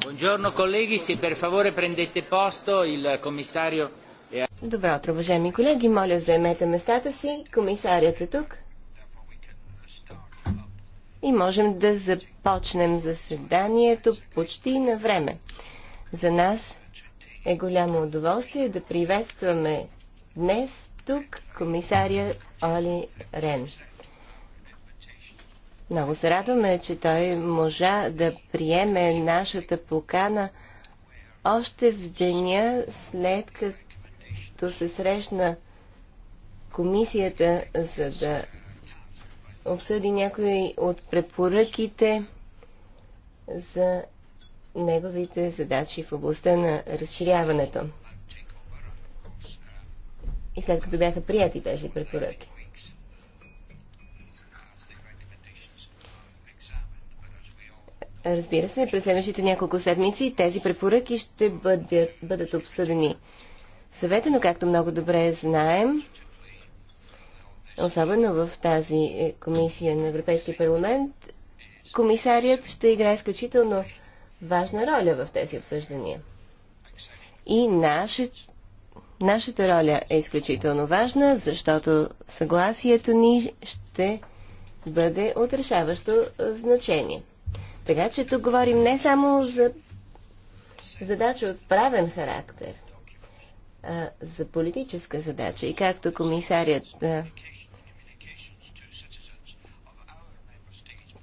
Buongiorno Добро утро, уважаеми колеги. Моля, заемете местата си. Комисарят е тук. И можем да започнем заседанието почти на време. За нас е голямо удоволствие да приветстваме днес тук комисария Оли Рен. Много се радваме, че той можа да приеме нашата покана още в деня след като се срещна комисията, за да обсъди някои от препоръките за неговите задачи в областта на разширяването. И след като бяха прияти тези препоръки. Разбира се, през следващите няколко седмици тези препоръки ще бъдат, бъдат обсъдени. Съвета, но както много добре знаем, особено в тази комисия на Европейския парламент, комисарият ще играе изключително важна роля в тези обсъждания. И наше, нашата роля е изключително важна, защото съгласието ни ще бъде отрешаващо значение. Така че тук говорим не само за задача от правен характер, а за политическа задача. И както комисарият а,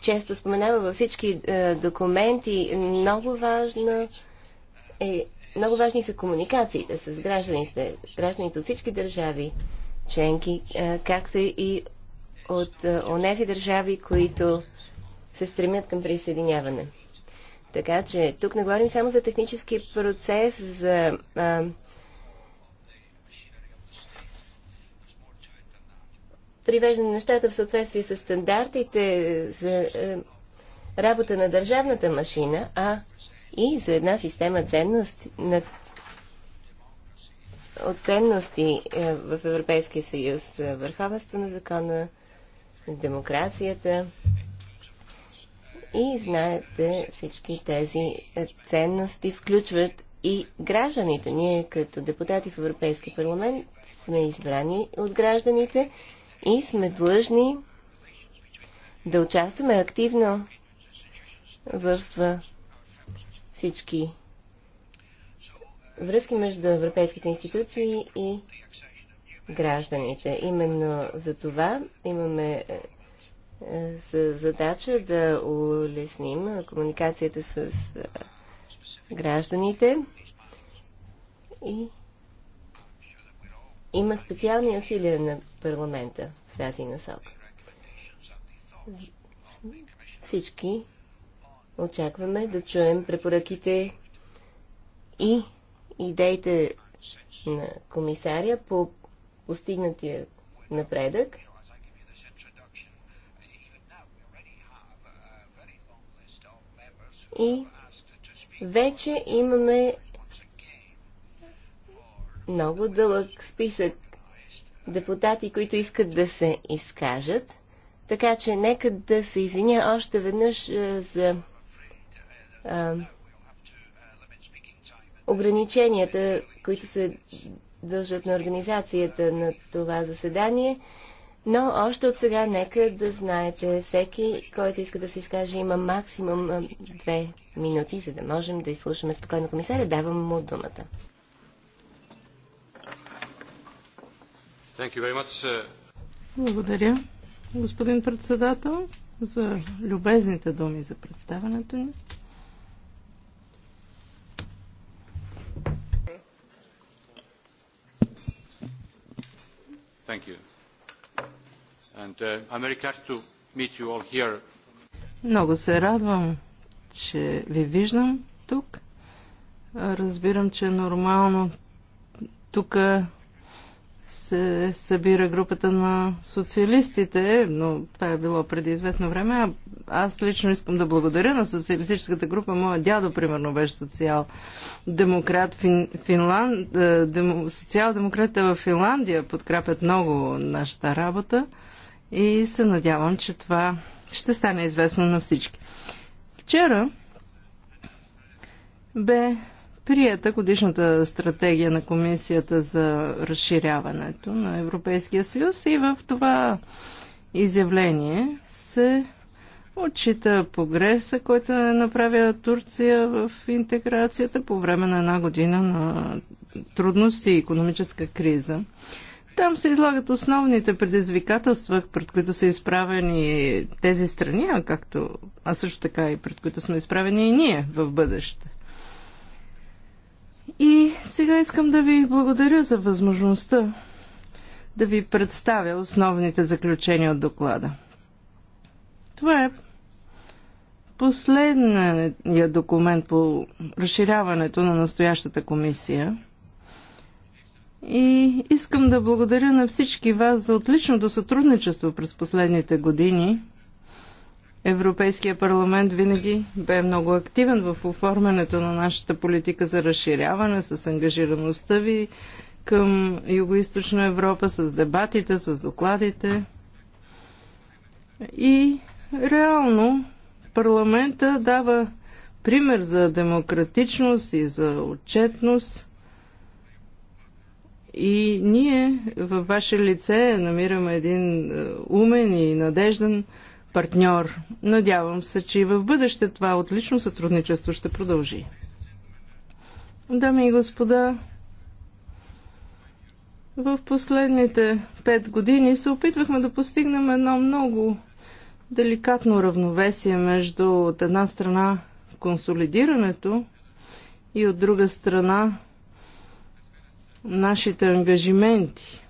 често споменава във всички а, документи, много важно е много важни са комуникациите с гражданите, гражданите от всички държави, членки, както и от онези държави, които се стремят към присъединяване. Така че тук не говорим само за технически процес, за а, привеждане на нещата в съответствие с стандартите за а, работа на държавната машина, а и за една система ценности. на, от ценности е, в Европейския съюз. Върховенство на закона, демокрацията, и знаете, всички тези ценности включват и гражданите. Ние като депутати в Европейския парламент сме избрани от гражданите и сме длъжни да участваме активно в всички връзки между европейските институции и гражданите. Именно за това имаме с задача да улесним комуникацията с гражданите и има специални усилия на парламента в тази насока. Всички очакваме да чуем препоръките и идеите на комисаря по постигнатия напредък – и вече имаме много дълъг списък депутати, които искат да се изкажат. Така че нека да се извиня още веднъж е, за а, ограниченията, които се дължат на организацията на това заседание. Но още от сега нека да знаете, всеки, който иска да се изкаже, има максимум две минути, за да можем да изслушаме спокойно комисаря. Давам му думата. Благодаря, господин председател, за любезните думи за представянето ни. Thank you. Uh, много се радвам, че ви виждам тук. Разбирам, че нормално тук се събира групата на социалистите, но това е било преди известно време. Аз лично искам да благодаря на социалистическата група. Моя дядо, примерно, беше социал-демократ в Финланд... Е, социал-демократите в Финландия подкрепят много нашата работа и се надявам, че това ще стане известно на всички. Вчера бе прията годишната стратегия на Комисията за разширяването на Европейския съюз и в това изявление се отчита погреса, който е направила Турция в интеграцията по време на една година на трудности и економическа криза. Там се излагат основните предизвикателства, пред които са изправени тези страни, а, както, а също така и пред които сме изправени и ние в бъдеще. И сега искам да ви благодаря за възможността да ви представя основните заключения от доклада. Това е последния документ по разширяването на настоящата комисия – и искам да благодаря на всички вас за отличното сътрудничество през последните години. Европейския парламент винаги бе много активен в оформянето на нашата политика за разширяване с ангажираността ви към Юго-Источна Европа, с дебатите, с докладите. И реално парламента дава пример за демократичност и за отчетност – и ние във ваше лице намираме един е, умен и надежден партньор. Надявам се, че и в бъдеще това отлично сътрудничество ще продължи. Дами и господа, в последните пет години се опитвахме да постигнем едно много деликатно равновесие между от една страна консолидирането и от друга страна нашите ангажименти.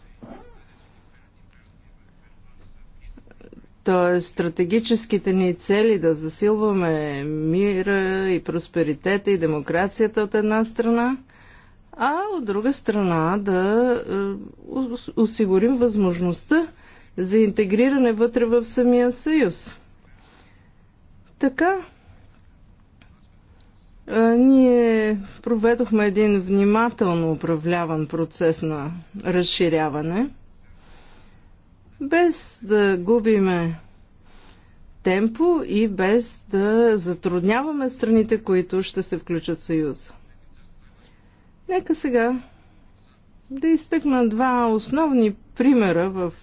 Тоест, стратегическите ни цели да засилваме мира и просперитета и демокрацията от една страна, а от друга страна да е, осигурим възможността за интегриране вътре в самия съюз. Така, ние проведохме един внимателно управляван процес на разширяване, без да губиме темпо и без да затрудняваме страните, които ще се включат в Съюза. Нека сега да изтъкна два основни примера в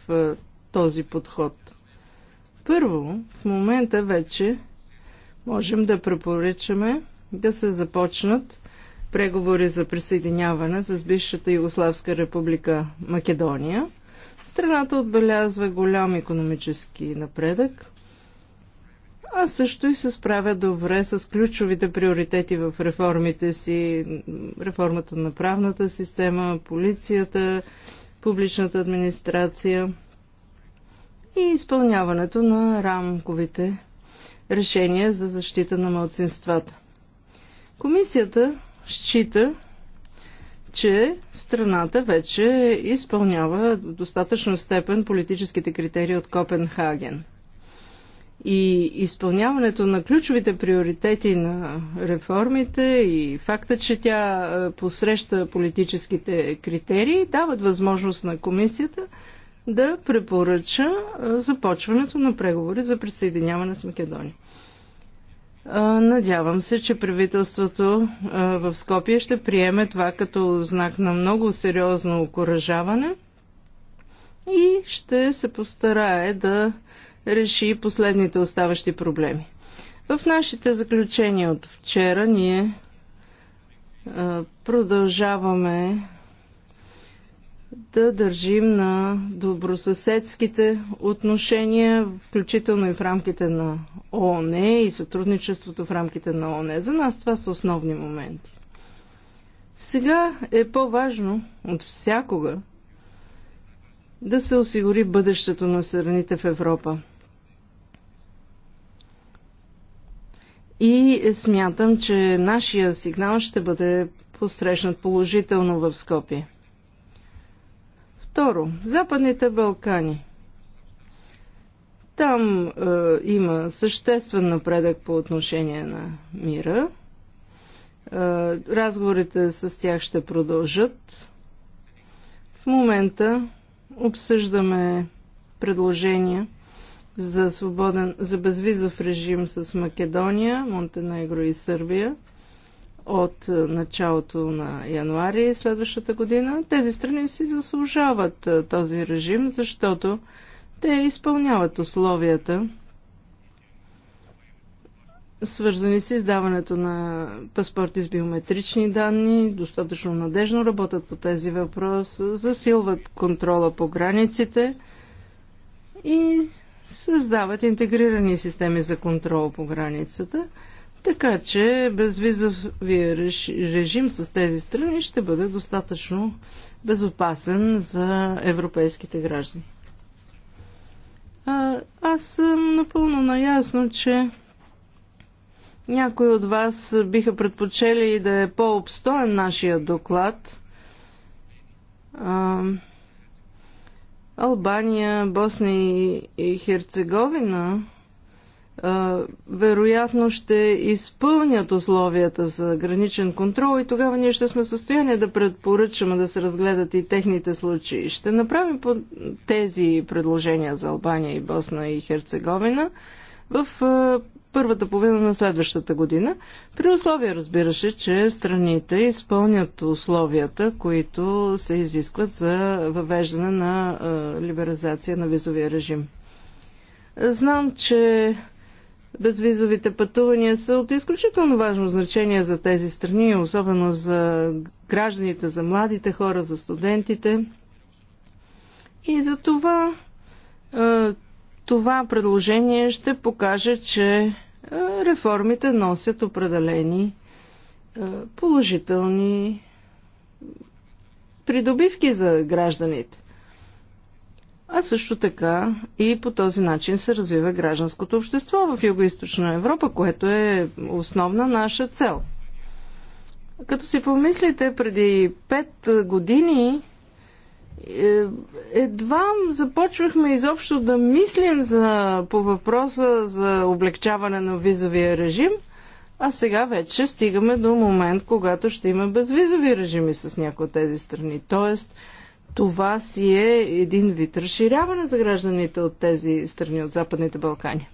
този подход. Първо, в момента вече можем да препоръчаме да се започнат преговори за присъединяване с бившата Югославска република Македония. Страната отбелязва голям економически напредък, а също и се справя добре с ключовите приоритети в реформите си, реформата на правната система, полицията, публичната администрация и изпълняването на рамковите решения за защита на младсинствата. Комисията счита, че страната вече изпълнява в достатъчна степен политическите критерии от Копенхаген. И изпълняването на ключовите приоритети на реформите и факта, че тя посреща политическите критерии, дават възможност на комисията да препоръча започването на преговори за присъединяване с Македония. Надявам се, че правителството в Скопие ще приеме това като знак на много сериозно окоръжаване и ще се постарае да реши последните оставащи проблеми. В нашите заключения от вчера ние продължаваме да държим на добросъседските отношения, включително и в рамките на ООН и сътрудничеството в рамките на ООН. За нас това са основни моменти. Сега е по-важно от всякога да се осигури бъдещето на страните в Европа. И смятам, че нашия сигнал ще бъде посрещнат положително в Скопие. Второ, Западните Балкани. Там е, има съществен напредък по отношение на мира. Е, разговорите с тях ще продължат. В момента обсъждаме предложения за, свободен, за безвизов режим с Македония, Монтенегро и Сърбия от е, началото на януари следващата година. Тези страни си заслужават е, този режим, защото те изпълняват условията, свързани с издаването на паспорти с биометрични данни, достатъчно надежно работят по тези въпрос, засилват контрола по границите и създават интегрирани системи за контрол по границата – така че безвизовия режим с тези страни ще бъде достатъчно безопасен за европейските граждани. А, аз съм напълно наясно, че някои от вас биха предпочели да е по-обстоен нашия доклад. А, Албания, Босния и Херцеговина вероятно ще изпълнят условията за граничен контрол и тогава ние ще сме в състояние да предпоръчаме да се разгледат и техните случаи. Ще направим по тези предложения за Албания и Босна и Херцеговина в първата половина на следващата година, при условие разбираше, че страните изпълнят условията, които се изискват за въвеждане на либерализация на визовия режим. Знам, че Безвизовите пътувания са от изключително важно значение за тези страни, особено за гражданите, за младите хора, за студентите. И за това това предложение ще покаже, че реформите носят определени положителни придобивки за гражданите а също така и по този начин се развива гражданското общество в Юго-Источна Европа, което е основна наша цел. Като си помислите, преди пет години е, едва започвахме изобщо да мислим за, по въпроса за облегчаване на визовия режим, а сега вече стигаме до момент, когато ще има безвизови режими с някои от тези страни. Тоест, това си е един вид разширяване за гражданите от тези страни от Западните Балкани.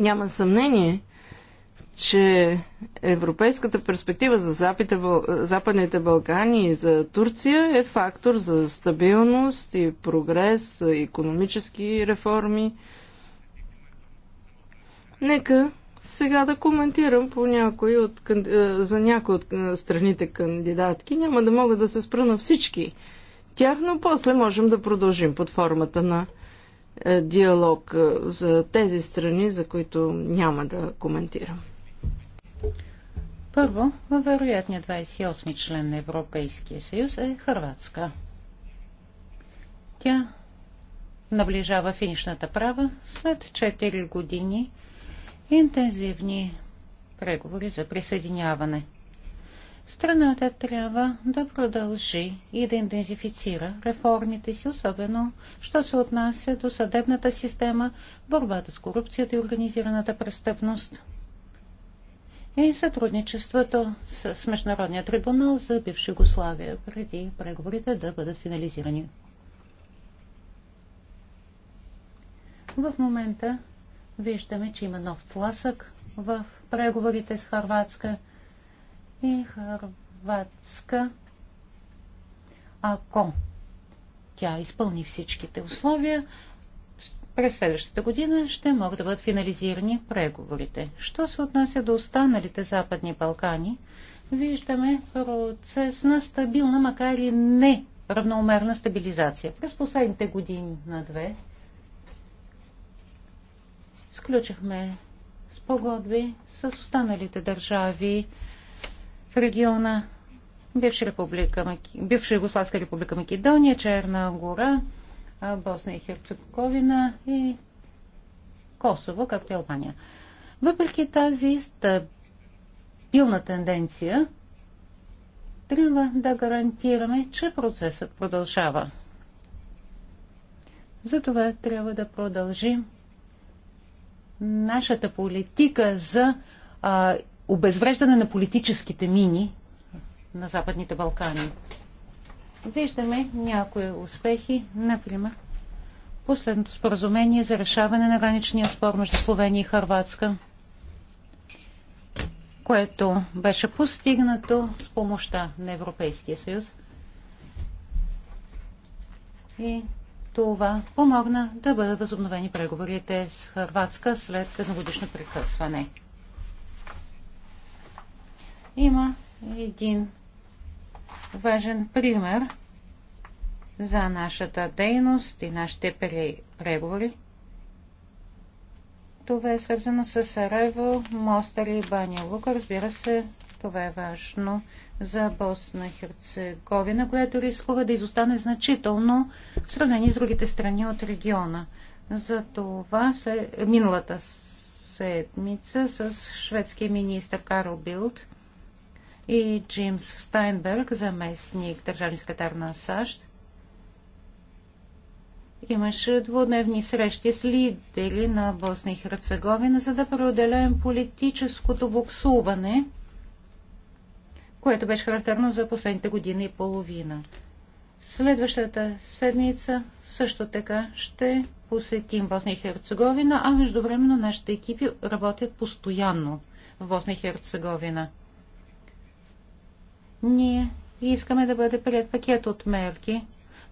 Няма съмнение, че европейската перспектива за Запите, Западните Балкани и за Турция е фактор за стабилност и прогрес, економически реформи. Нека сега да коментирам по някой от, за някои от страните кандидатки. Няма да мога да се спра на всички тях, но после можем да продължим под формата на е, диалог е, за тези страни, за които няма да коментирам. Първо, във вероятния 28 ми член на Европейския съюз е Хрватска. Тя наближава финишната права след 4 години интензивни преговори за присъединяване – Страната трябва да продължи и да интензифицира реформите си, особено що се отнася до съдебната система, борбата с корупцията и организираната престъпност и сътрудничеството с Международния трибунал за бивши Гославия преди преговорите да бъдат финализирани. В момента виждаме, че има нов тласък в преговорите с Харватска – и Харватска, ако тя изпълни всичките условия, през следващата година ще могат да бъдат финализирани преговорите. Що се отнася до останалите Западни Балкани, виждаме процес на стабилна, макар и не равномерна стабилизация. През последните години на две сключихме спогодби с останалите държави в региона, бивша, република, бивша Югославска република Македония, Черна гора, Босна и Херцеговина и Косово, както и Албания. Въпреки тази стабилна тенденция, трябва да гарантираме, че процесът продължава. Затова трябва да продължим нашата политика за а, обезвреждане на политическите мини на Западните Балкани. Виждаме някои успехи, например последното споразумение за решаване на граничния спор между Словения и Харватска, което беше постигнато с помощта на Европейския съюз. И това помогна да бъдат възобновени преговорите с Харватска след едногодишно прекъсване. Има един важен пример за нашата дейност и нашите преговори. Това е свързано с Сараево, Мостър и Баня Лука. Разбира се, това е важно за Босна Херцеговина, която рискува да изостане значително в сравнение с другите страни от региона. За това след... миналата седмица с шведския министр Карл Билд и Джимс Стайнберг, заместник държавния секретар на САЩ, имаше двудневни срещи с лидери на Босна и Херцеговина, за да преодолеем политическото буксуване, което беше характерно за последните години и половина. Следващата седмица също така ще посетим Босна и Херцеговина, а междувременно нашите екипи работят постоянно в Босна и Херцеговина. Ние искаме да бъде прият пакет от мерки,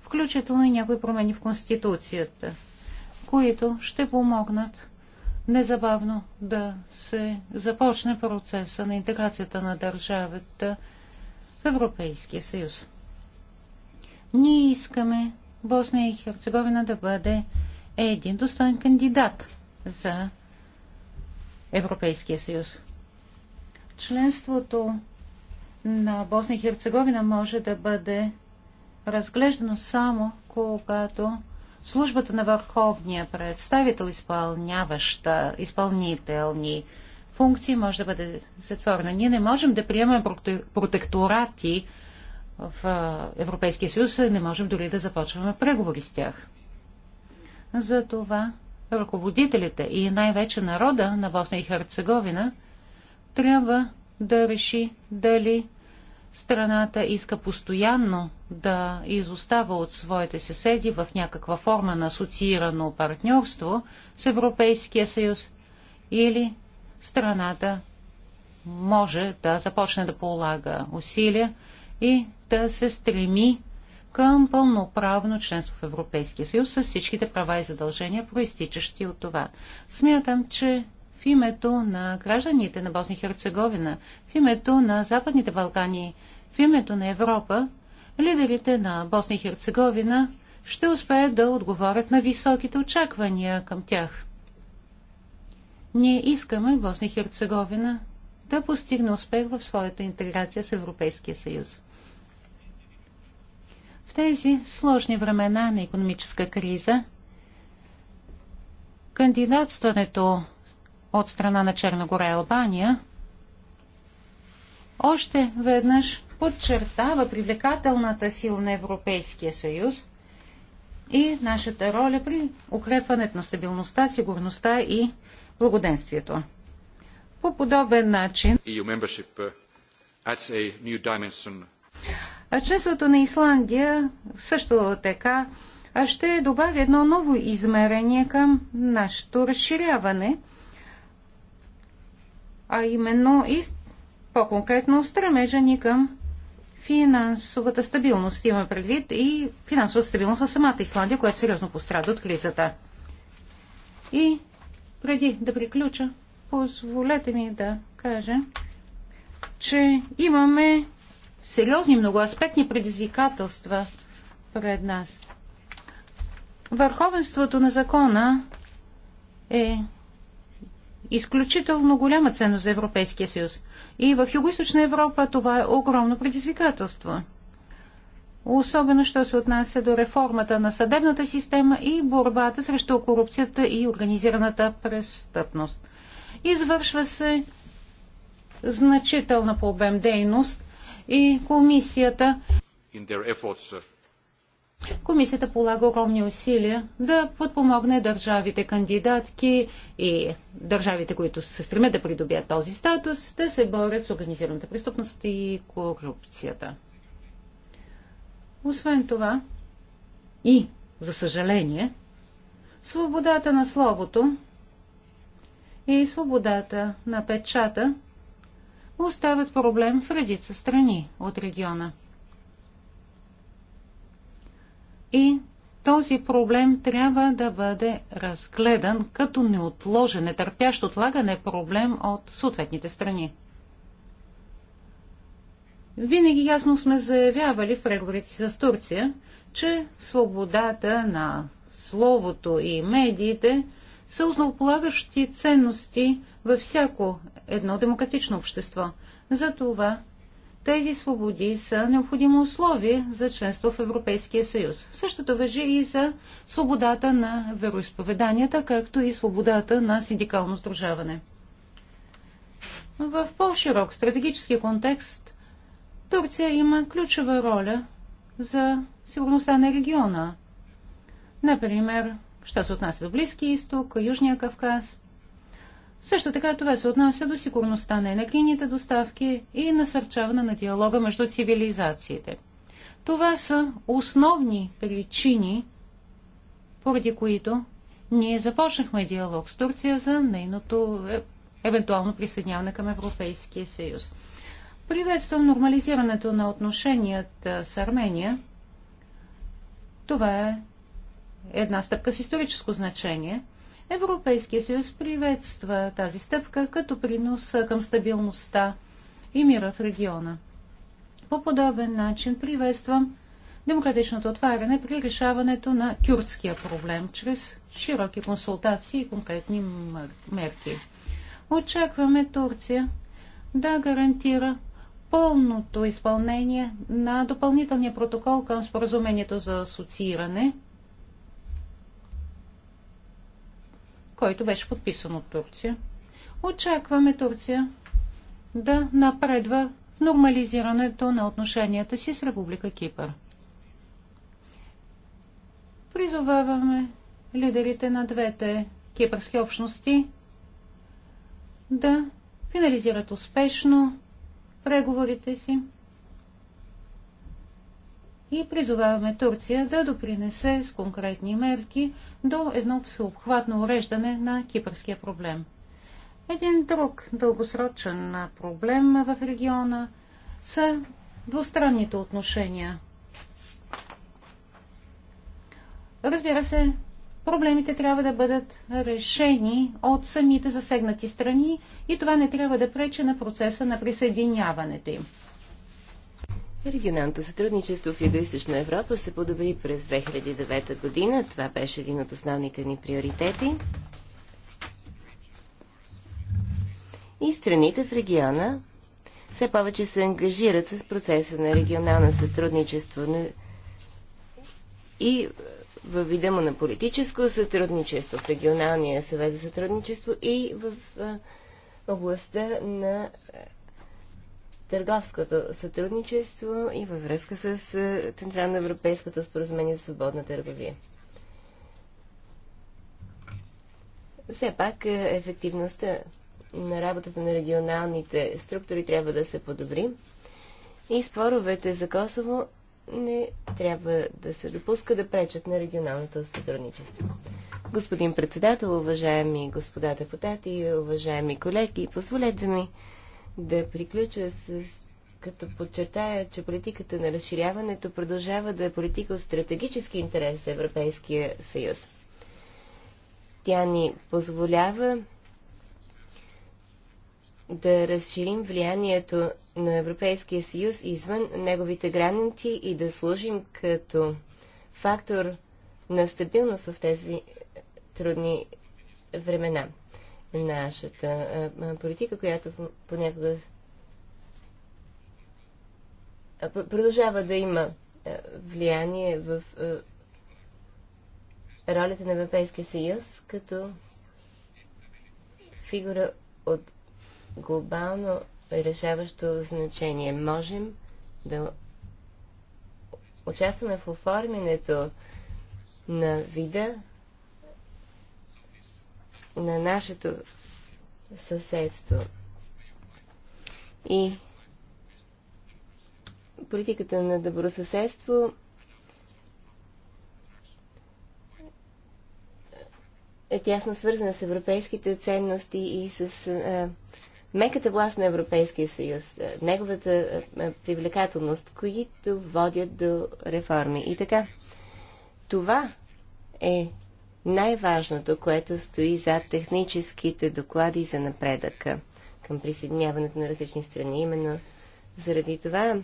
включително и някои промени в Конституцията, които ще помогнат незабавно да се започне процеса на интеграцията на държавата в Европейския съюз. Ние искаме Босния и Херцеговина да бъде един достоен кандидат за Европейския съюз. Членството на Босния и Херцеговина може да бъде разглеждано само когато службата на върховния представител, изпълняваща изпълнителни функции, може да бъде затворена. Ние не можем да приемем протекторати в Европейския съюз, и не можем дори да започваме преговори с тях. Затова ръководителите и най-вече народа на Босна и Херцеговина трябва да реши дали страната иска постоянно да изостава от своите съседи в някаква форма на асоциирано партньорство с Европейския съюз или страната може да започне да полага усилия и да се стреми към пълноправно членство в Европейския съюз с всичките права и задължения, проистичащи от това. Смятам, че в името на гражданите на Босния и Херцеговина, в името на Западните Балкани, в името на Европа, лидерите на Босния и Херцеговина ще успеят да отговорят на високите очаквания към тях. Ние искаме Босния и Херцеговина да постигне успех в своята интеграция с Европейския съюз. В тези сложни времена на економическа криза, кандидатстването от страна на гора и Албания, още веднъж подчертава привлекателната сила на Европейския съюз и нашата роля при укрепването на стабилността, сигурността и благоденствието. По подобен начин e uh, членството на Исландия също така ще добави едно ново измерение към нашето разширяване – а именно и по-конкретно стремежа ни към финансовата стабилност. Има предвид и финансовата стабилност на самата Исландия, която сериозно пострада от кризата. И преди да приключа, позволете ми да кажа, че имаме сериозни многоаспектни предизвикателства пред нас. Върховенството на закона е изключително голяма ценност за Европейския съюз. И в Юго-Источна Европа това е огромно предизвикателство. Особено, що се отнася до реформата на съдебната система и борбата срещу корупцията и организираната престъпност. Извършва се значителна по обем дейност и комисията In their efforts, uh, Комисията полага огромни усилия да подпомогне държавите кандидатки и държавите, които се стремят да придобият този статус, да се борят с организираната преступност и корупцията. Освен това, и, за съжаление, свободата на словото и свободата на печата остават проблем в редица страни от региона. И този проблем трябва да бъде разгледан като неотложен, нетърпящ отлагане проблем от съответните страни. Винаги ясно сме заявявали в преговорите с Турция, че свободата на словото и медиите са основополагащи ценности във всяко едно демократично общество. Затова тези свободи са необходимо условие за членство в Европейския съюз. Същото въжи и за свободата на вероисповеданията, както и свободата на синдикално сдружаване. В по-широк стратегически контекст Турция има ключова роля за сигурността на региона. Например, що се отнася до Близки изток, Южния Кавказ, също така това се отнася до сигурността на енергийните доставки и насърчаване на диалога между цивилизациите. Това са основни причини, поради които ние започнахме диалог с Турция за нейното е, евентуално присъединяване към Европейския съюз. Приветствам нормализирането на отношенията с Армения. Това е една стъпка с историческо значение – Европейския съюз приветства тази стъпка като принос към стабилността и мира в региона. По подобен начин приветствам демократичното отваряне при решаването на кюртския проблем чрез широки консултации и конкретни мерки. Очакваме Турция да гарантира пълното изпълнение на допълнителния протокол към споразумението за асоцииране – който беше подписан от Турция. Очакваме Турция да напредва в нормализирането на отношенията си с Република Кипър. Призоваваме лидерите на двете кипърски общности да финализират успешно преговорите си и призоваваме Турция да допринесе с конкретни мерки до едно всеобхватно уреждане на кипърския проблем. Един друг дългосрочен проблем в региона са двустранните отношения. Разбира се, проблемите трябва да бъдат решени от самите засегнати страни и това не трябва да пречи на процеса на присъединяването им. Регионалното сътрудничество в Юго-Источна Европа се подобри през 2009 година. Това беше един от основните ни приоритети. И страните в региона все повече се ангажират с процеса на регионално сътрудничество и във вида му на политическо сътрудничество в Регионалния съвет за сътрудничество и в областта на търговското сътрудничество и във връзка с е, Централноевропейското споразумение за свободна търговия. Все пак е, ефективността на работата на регионалните структури трябва да се подобри и споровете за Косово не трябва да се допуска да пречат на регионалното сътрудничество. Господин председател, уважаеми господа депутати, уважаеми колеги, позволете ми да приключа с като подчертая, че политиката на разширяването продължава да е политика от стратегически интерес за Европейския съюз. Тя ни позволява да разширим влиянието на Европейския съюз извън неговите граници и да служим като фактор на стабилност в тези трудни времена нашата политика, която понякога продължава да има влияние в ролята на Европейския съюз като фигура от глобално решаващо значение. Можем да участваме в оформянето на вида на нашето съседство. И политиката на добросъседство е тясно свързана с европейските ценности и с а, меката власт на Европейския съюз, а, неговата а, привлекателност, които водят до реформи. И така, това е най-важното, което стои зад техническите доклади за напредъка към присъединяването на различни страни. Именно заради това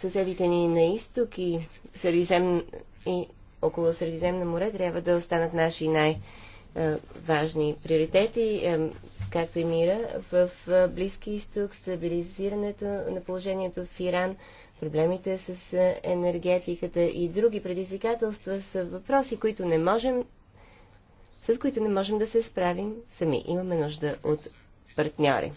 съседите ни на изток и, средизем... и около Средиземно море трябва да останат наши най-важни приоритети, е, както и мира в е, Близки изток, стабилизирането на положението в Иран – проблемите с е, енергетиката и други предизвикателства са въпроси, които не можем, с които не можем да се справим сами. Имаме нужда от партньори.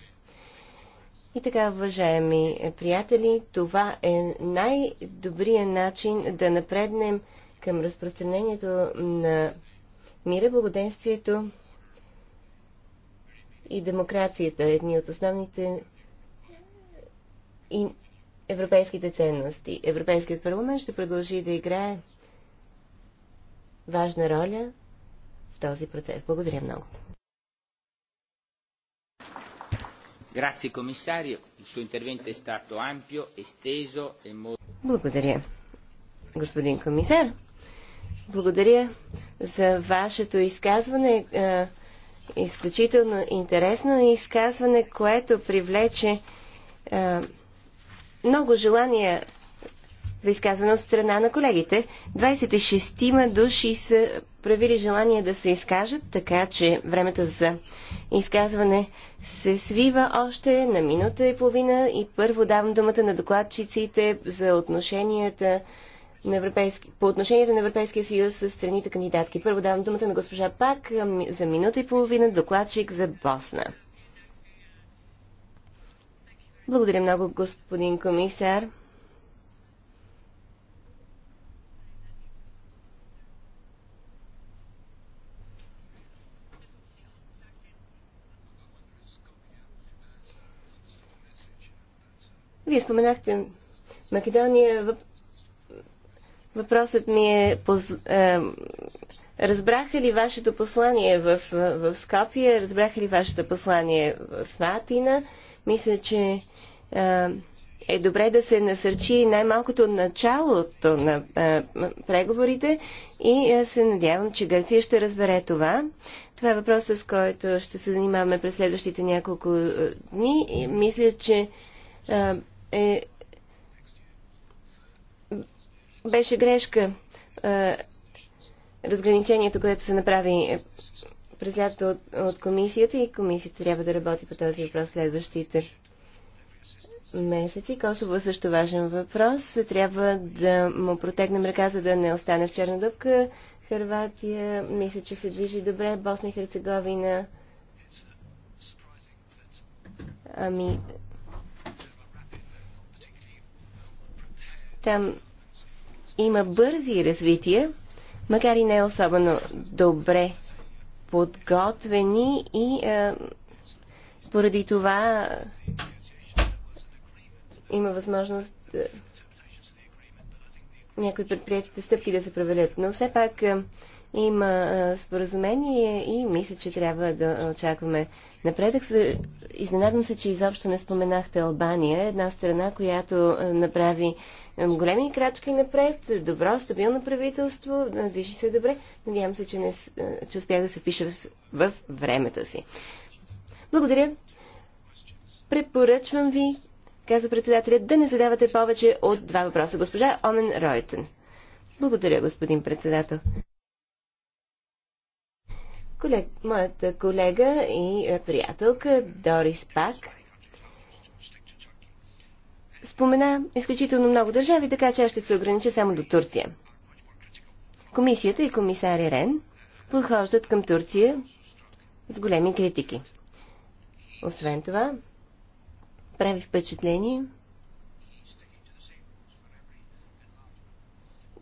И така, уважаеми приятели, това е най-добрият начин да напреднем към разпространението на мира, благоденствието и демокрацията. Едни от основните и европейските ценности. Европейският парламент ще продължи да играе важна роля в този процес. Благодаря много. Grazie commissario, il suo intervento è stato ampio, esteso e molto... Благодаря, господин комисар. Благодаря за вашето изказване. Е, изключително интересно изказване, което привлече е, много желания за изказване от страна на колегите. 26-ма души са правили желание да се изкажат, така че времето за изказване се свива още на минута и половина и първо давам думата на докладчиците за отношенията на Европейски... по отношенията на Европейския съюз с страните кандидатки. Първо давам думата на госпожа Пак ами, за минута и половина, докладчик за Босна. Благодаря много, господин комисар. Вие споменахте Македония. Въпросът ми е, е, разбраха ли вашето послание в, в Скопия, разбраха ли вашето послание в Атина? Мисля, че е добре да се насърчи най-малкото началото на а, преговорите и а се надявам, че Гърция ще разбере това. Това е въпрос, с който ще се занимаваме през следващите няколко дни и мисля, че а, е... беше грешка а, разграничението, което се направи признато от, от комисията и комисията трябва да работи по този въпрос следващите месеци. Косово е също важен въпрос. Трябва да му протегнем ръка, за да не остане в черна дупка. Харватия, мисля, че се движи добре. Босна и Херцеговина. Ами. Там има бързи развития, макар и не особено добре подготвени и а, е, поради това има възможност а, е, някои предприятите стъпки да се провелят. Но все пак а, е, има споразумение и мисля, че трябва да очакваме напредък. Изненадвам се, че изобщо не споменахте Албания, една страна, която направи големи крачки напред, добро, стабилно правителство, движи се добре. Надявам се, че, не, че успях да се пиша в времето си. Благодаря. Препоръчвам ви, каза председателят, да не задавате повече от два въпроса. Госпожа Омен Ройтен. Благодаря, господин председател. Колег, моята колега и е, приятелка Дорис Пак спомена изключително много държави, така че аз ще се огранича само до Турция. Комисията и комисари Рен подхождат към Турция с големи критики. Освен това, прави впечатление,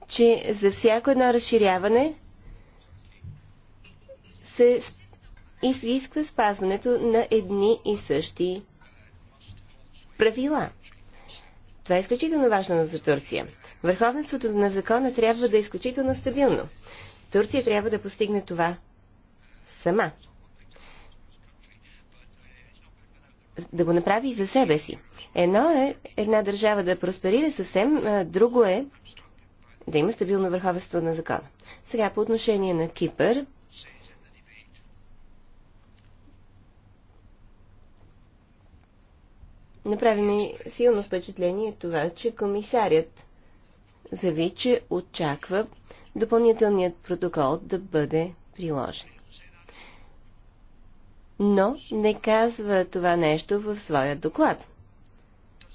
че за всяко едно разширяване се изисква спазването на едни и същи правила. Това е изключително важно за Турция. Върховенството на закона трябва да е изключително стабилно. Турция трябва да постигне това сама. Да го направи и за себе си. Едно е една държава да просперира съвсем, а друго е да има стабилно върховенство на закона. Сега по отношение на Кипър – Направи ми силно впечатление това, че комисарят заяви, че очаква допълнителният протокол да бъде приложен. Но не казва това нещо в своя доклад.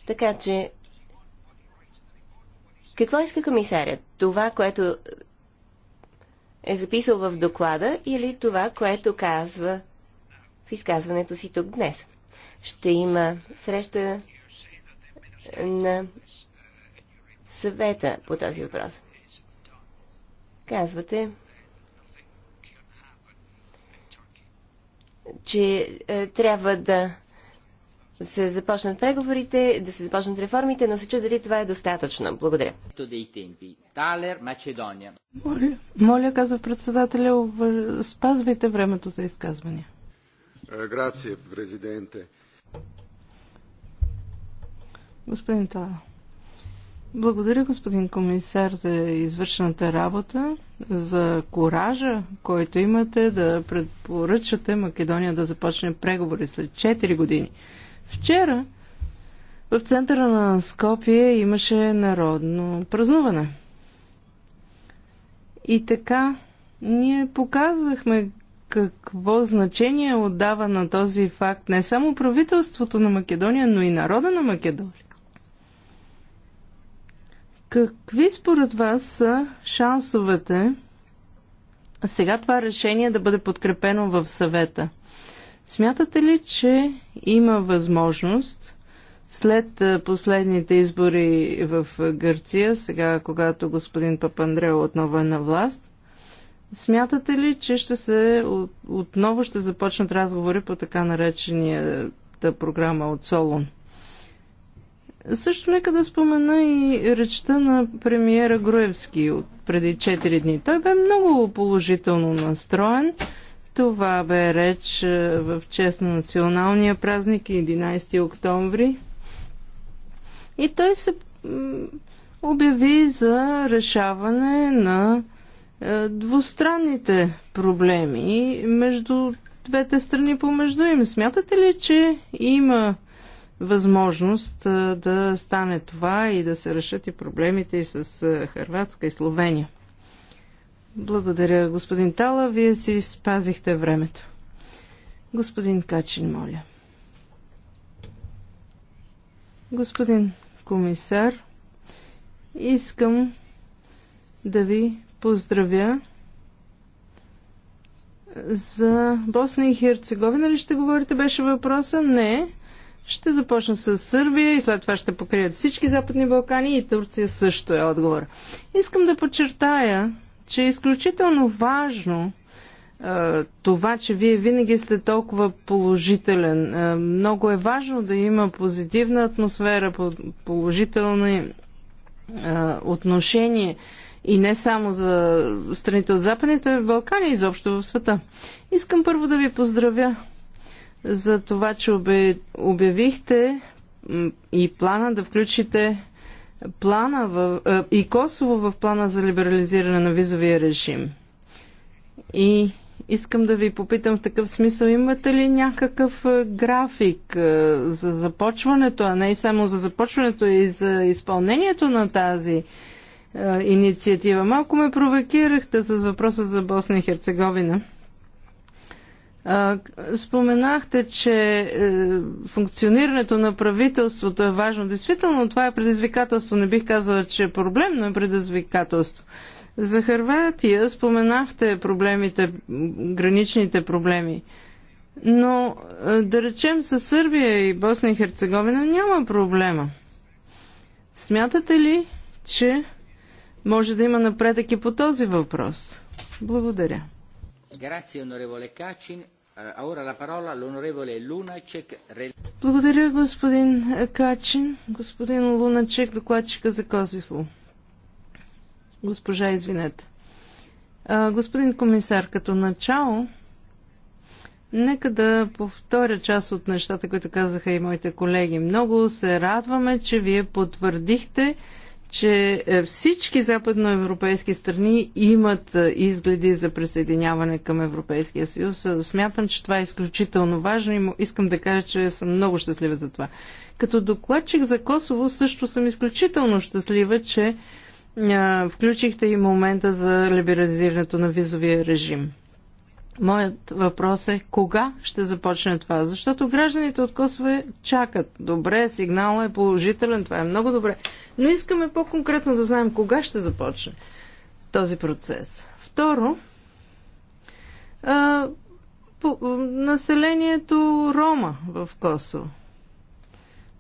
Така че, какво иска комисарят? Това, което е записал в доклада или това, което казва в изказването си тук днес? ще има среща на съвета по този въпрос. Казвате, че е, трябва да се започнат преговорите, да се започнат реформите, но се чу дали това е достатъчно. Благодаря. Моля, моля казва председателя, спазвайте времето за изказвания. Е, грация, президенте. Господин Тала. Благодаря, господин комисар, за извършената работа, за коража, който имате да предпоръчате Македония да започне преговори след 4 години. Вчера в центъра на Скопие имаше народно празнуване. И така, ние показвахме какво значение отдава на този факт не само правителството на Македония, но и народа на Македония. Какви според вас са шансовете сега това решение да бъде подкрепено в съвета? Смятате ли, че има възможност след последните избори в Гърция, сега когато господин Папандрео отново е на власт, смятате ли, че ще се, отново ще започнат разговори по така наречената програма от Солун? Също нека да спомена и речта на премиера Груевски от преди 4 дни. Той бе много положително настроен. Това бе реч е, в чест на националния празник 11 октомври. И той се обяви за решаване на е, двустранните проблеми между двете страни помежду им. Смятате ли, че има възможност да стане това и да се решат и проблемите и с Харватска и Словения. Благодаря, господин Тала. Вие си спазихте времето. Господин Качин, моля. Господин комисар, искам да ви поздравя за Босна и Херцеговина ли ще говорите, беше въпроса? Не. Ще започна с Сърбия и след това ще покрият всички Западни Балкани и Турция също е отговор. Искам да подчертая, че е изключително важно е, това, че вие винаги сте толкова положителен. Е, много е важно да има позитивна атмосфера, положителни е, отношения и не само за страните от Западните Балкани, изобщо в света. Искам първо да ви поздравя за това, че обявихте и плана да включите плана в, е, и Косово в плана за либерализиране на визовия режим. И искам да ви попитам в такъв смисъл, имате ли някакъв е, график е, за започването, а не и само за започването, и за изпълнението на тази инициатива? Малко ме провокирахте с въпроса за Босна и Херцеговина. Споменахте, че е, функционирането на правителството е важно. Действително, това е предизвикателство. Не бих казала, че е проблем, но е предизвикателство. За Харватия споменахте проблемите, граничните проблеми. Но е, да речем с Сърбия и Босна и Херцеговина няма проблема. Смятате ли, че може да има напредък и по този въпрос? Благодаря. Grazie onorevole Kacin. Eh, Благодаря, господин Качин. Господин Луначек, докладчика за Козифо. Госпожа, извинете. Господин комисар, като начало, нека да повторя част от нещата, които казаха и моите колеги. Много се радваме, че вие потвърдихте, че е, всички западноевропейски страни имат е, изгледи за присъединяване към Европейския съюз. Е, смятам, че това е изключително важно и искам да кажа, че съм много щастлива за това. Като докладчик за Косово също съм изключително щастлива, че включихте и момента за либерализирането на визовия режим. Моят въпрос е кога ще започне това? Защото гражданите от Косове чакат. Добре, сигналът е положителен, това е много добре. Но искаме по-конкретно да знаем кога ще започне този процес. Второ, а, по, населението Рома в Косово.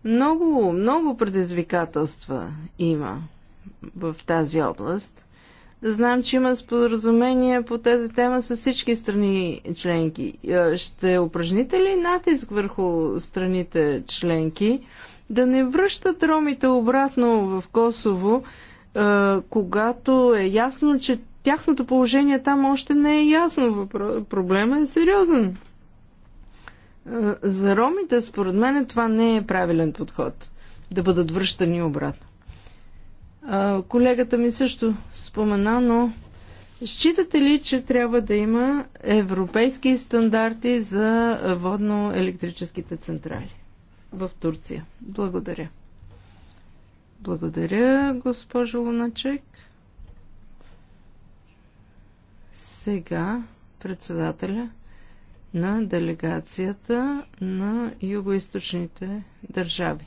Много, много предизвикателства има в тази област. Знам, че има споразумение по тази тема с всички страни членки. Е, ще упражните ли натиск върху страните членки да не връщат ромите обратно в Косово, е, когато е ясно, че тяхното положение там още не е ясно. Проблема е сериозен. Е, за ромите, според мен, това не е правилен подход. Да бъдат връщани обратно колегата ми също спомена, но считате ли, че трябва да има европейски стандарти за водно-електрическите централи в Турция? Благодаря. Благодаря, госпожо Луначек. Сега председателя на делегацията на югоизточните държави.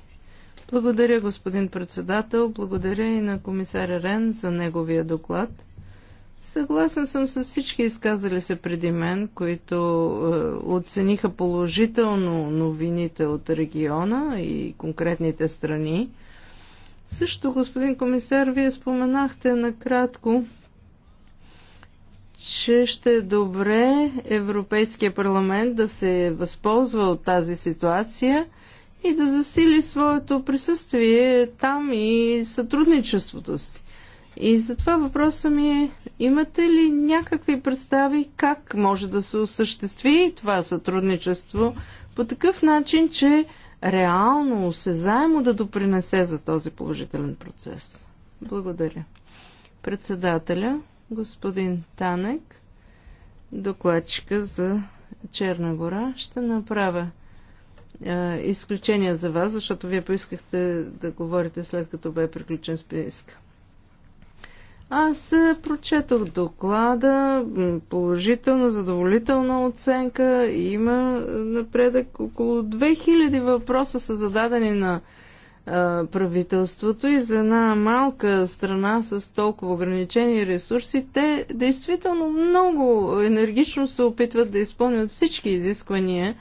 Благодаря, господин председател. Благодаря и на комисаря Рен за неговия доклад. Съгласен съм с всички изказали се преди мен, които е, оцениха положително новините от региона и конкретните страни. Също, господин комисар, вие споменахте накратко, че ще е добре Европейския парламент да се възползва от тази ситуация – и да засили своето присъствие там и сътрудничеството си. И затова въпросът ми е, имате ли някакви представи как може да се осъществи това сътрудничество по такъв начин, че реално, осезаемо да допринесе за този положителен процес? Благодаря. Председателя, господин Танек, докладчика за Черна гора, ще направя е, изключение за вас, защото вие поискахте да говорите след като бе приключен списка. Аз е, прочетох доклада, положителна, задоволителна оценка, има е, напредък. Около 2000 въпроса са зададени на правителството и за една малка страна с толкова ограничени ресурси, те действително много енергично се опитват да изпълнят всички изисквания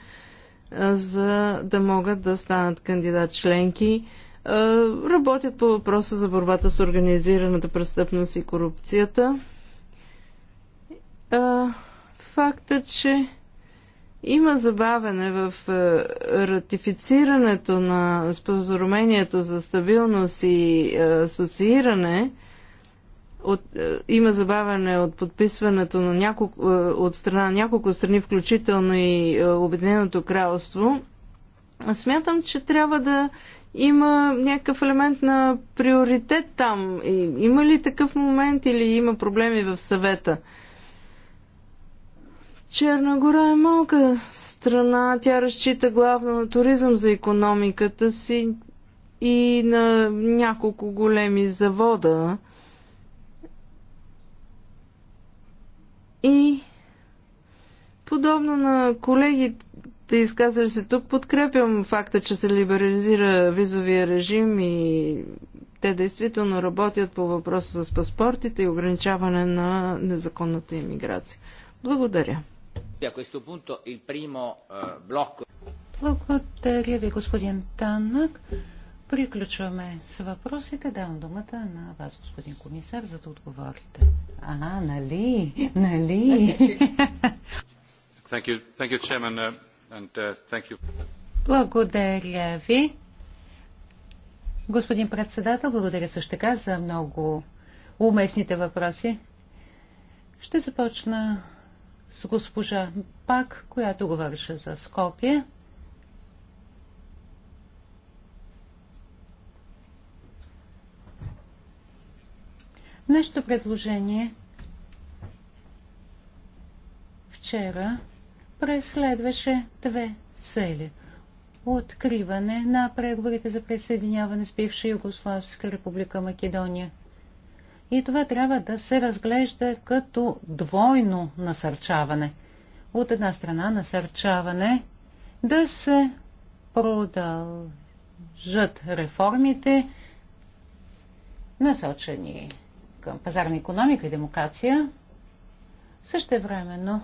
за да могат да станат кандидат членки. Работят по въпроса за борбата с организираната престъпност и корупцията. Факта, че има забавене в ратифицирането на споразумението за стабилност и асоцииране – от, е, има забавяне от подписването на няколко, е, от страна на няколко страни, включително и е, Обединеното кралство, смятам, че трябва да има някакъв елемент на приоритет там. И, има ли такъв момент или има проблеми в съвета? Черна гора е малка страна, тя разчита главно на туризъм за економиката си и на няколко големи завода И подобно на колегите, изказали се тук. Подкрепям факта, че се либерализира визовия режим и те действително работят по въпроса с паспортите и ограничаване на незаконната иммиграция. Благодаря. Eh, Благодаря ви, господин Танък. Приключваме с въпросите. Давам думата на вас, господин комисар, за да отговорите. А, нали? Нали? Thank you. Thank you, chairman, uh, and, uh, thank you. Благодаря ви. Господин председател, благодаря също така за много уместните въпроси. Ще започна с госпожа Пак, която говореше за Скопия. Нашето предложение вчера преследваше две цели. Откриване на преговорите за присъединяване с бивша Югославска република Македония. И това трябва да се разглежда като двойно насърчаване. От една страна насърчаване да се продължат реформите, насочени към пазарна економика и демокрация, също времено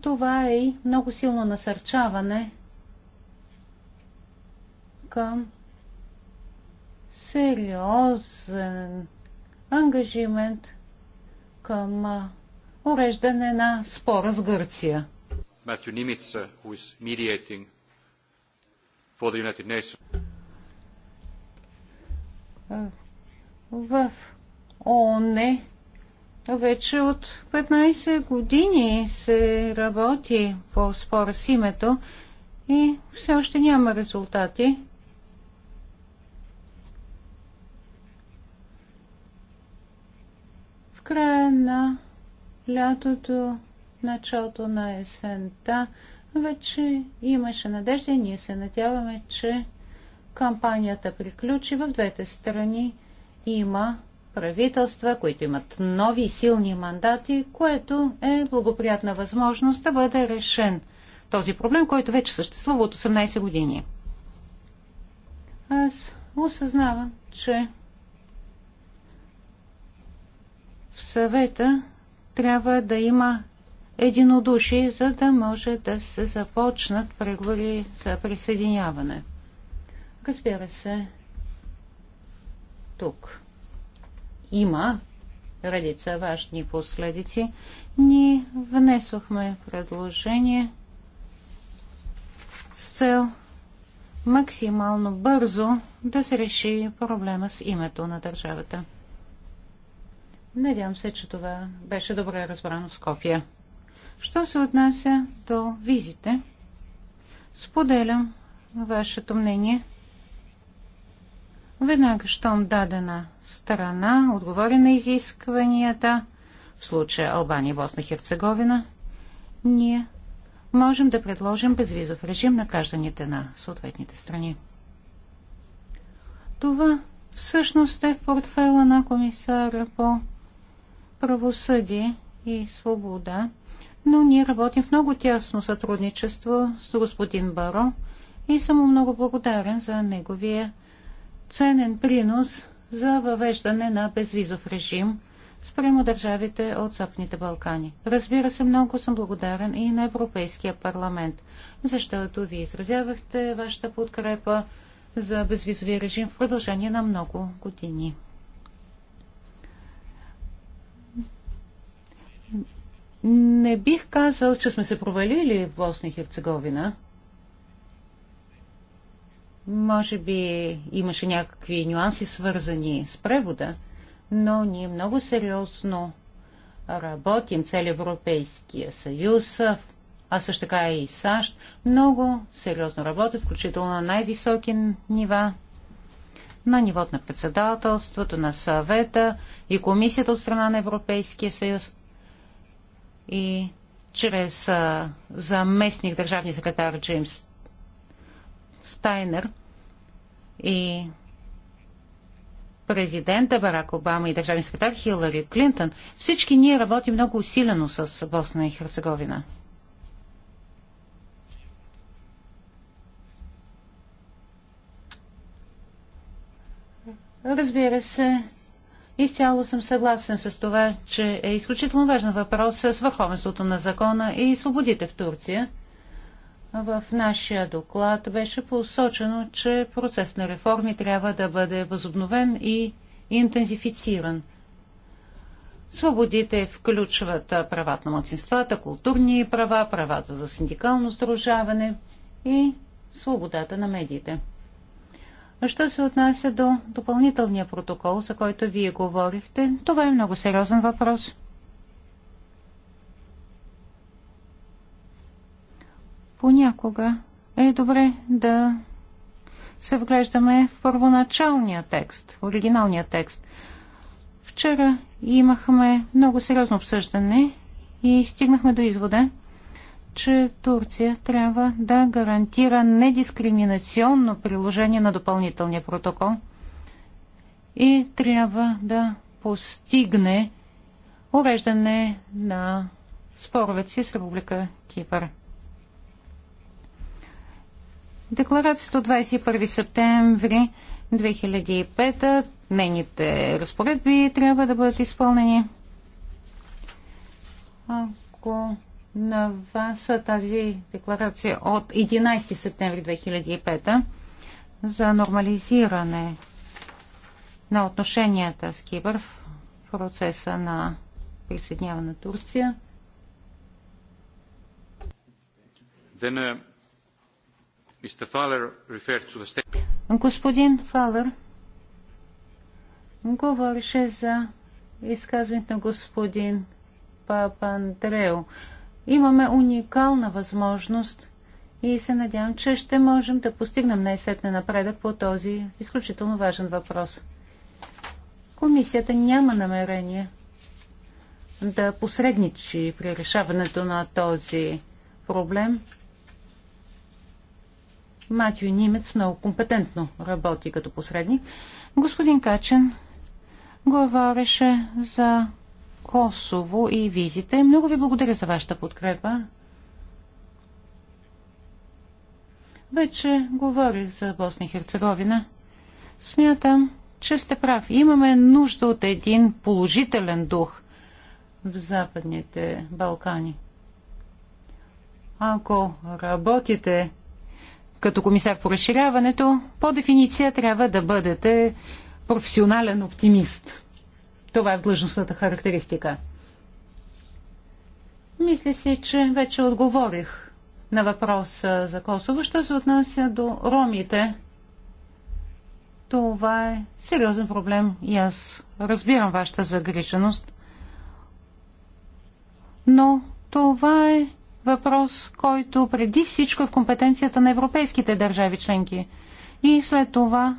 това е и много силно насърчаване към сериозен ангажимент към уреждане на спора с Гърция. Matthew Nimitz, uh, who is mediating for the United Nations. В ООН е. вече от 15 години се работи по спора с името и все още няма резултати. В края на лятото, началото на есента, вече имаше надежда и ние се надяваме, че кампанията приключи. В двете страни има правителства, които имат нови силни мандати, което е благоприятна възможност да бъде решен този проблем, който вече съществува от 18 години. Аз осъзнавам, че в съвета трябва да има единодушие, за да може да се започнат преговори за присъединяване. Разбира се, тук има редица важни последици, ние внесохме предложение с цел максимално бързо да се реши проблема с името на държавата. Надявам се, че това беше добре разбрано в Скопия. Що се отнася до визите, споделям вашето мнение – Веднага, щом дадена страна отговори на изискванията, в случая Албания и Босна Херцеговина, ние можем да предложим безвизов режим на гражданите на съответните страни. Това всъщност е в портфела на комисара по правосъдие и свобода, но ние работим в много тясно сътрудничество с господин Баро и съм много благодарен за неговия ценен принос за въвеждане на безвизов режим спрямо държавите от Западните Балкани. Разбира се, много съм благодарен и на Европейския парламент, защото ви изразявахте вашата подкрепа за безвизовия режим в продължение на много години. Не бих казал, че сме се провалили в Босна и Херцеговина. Може би имаше някакви нюанси, свързани с превода, но ние много сериозно работим, цел Европейския съюз, а също така и САЩ, много сериозно работят, включително на най-високи нива, на нивото на председателството, на съвета и комисията от страна на Европейския съюз и чрез заместник държавния секретар Джеймс Стайнер и президента Барак Обама и държавен секретар Хилари Клинтон, всички ние работим много усилено с Босна и Херцеговина. Разбира се, изцяло съм съгласен с това, че е изключително важен въпрос с върховенството на закона и свободите в Турция. В нашия доклад беше посочено, че процес на реформи трябва да бъде възобновен и интензифициран. Свободите включват правата на младсинствата, културни права, правата за синдикално сдружаване и свободата на медиите. Що се отнася до допълнителния протокол, за който вие говорихте, това е много сериозен въпрос – понякога е добре да се вглеждаме в първоначалния текст, в оригиналния текст. Вчера имахме много сериозно обсъждане и стигнахме до извода, че Турция трябва да гарантира недискриминационно приложение на допълнителния протокол и трябва да постигне уреждане на споровете си с Република Кипър. Декларацията от 21 септември 2005 нейните разпоредби трябва да бъдат изпълнени. Ако на вас тази декларация от 11 септември 2005 за нормализиране на отношенията с Кипър в процеса на присъединяване на Турция. Then, uh... Господин Фалер говореше за изказването на господин Папандрео. Имаме уникална възможност и се надявам, че ще можем да постигнем най-сетне напредък по този изключително важен въпрос. Комисията няма намерение да посредничи при решаването на този проблем Матио Нимец много компетентно работи като посредник. Господин Качен говореше за Косово и визите. Много ви благодаря за вашата подкрепа. Вече говорих за Босна и Херцеговина. Смятам, че сте прав. Имаме нужда от един положителен дух в Западните Балкани. Ако работите като комисар по разширяването, по дефиниция трябва да бъдете професионален оптимист. Това е в длъжностната характеристика. Мисля си, че вече отговорих на въпроса за Косово. Що се отнася до ромите, това е сериозен проблем и аз разбирам вашата загриженост. Но това е въпрос, който преди всичко е в компетенцията на европейските държави членки. И след това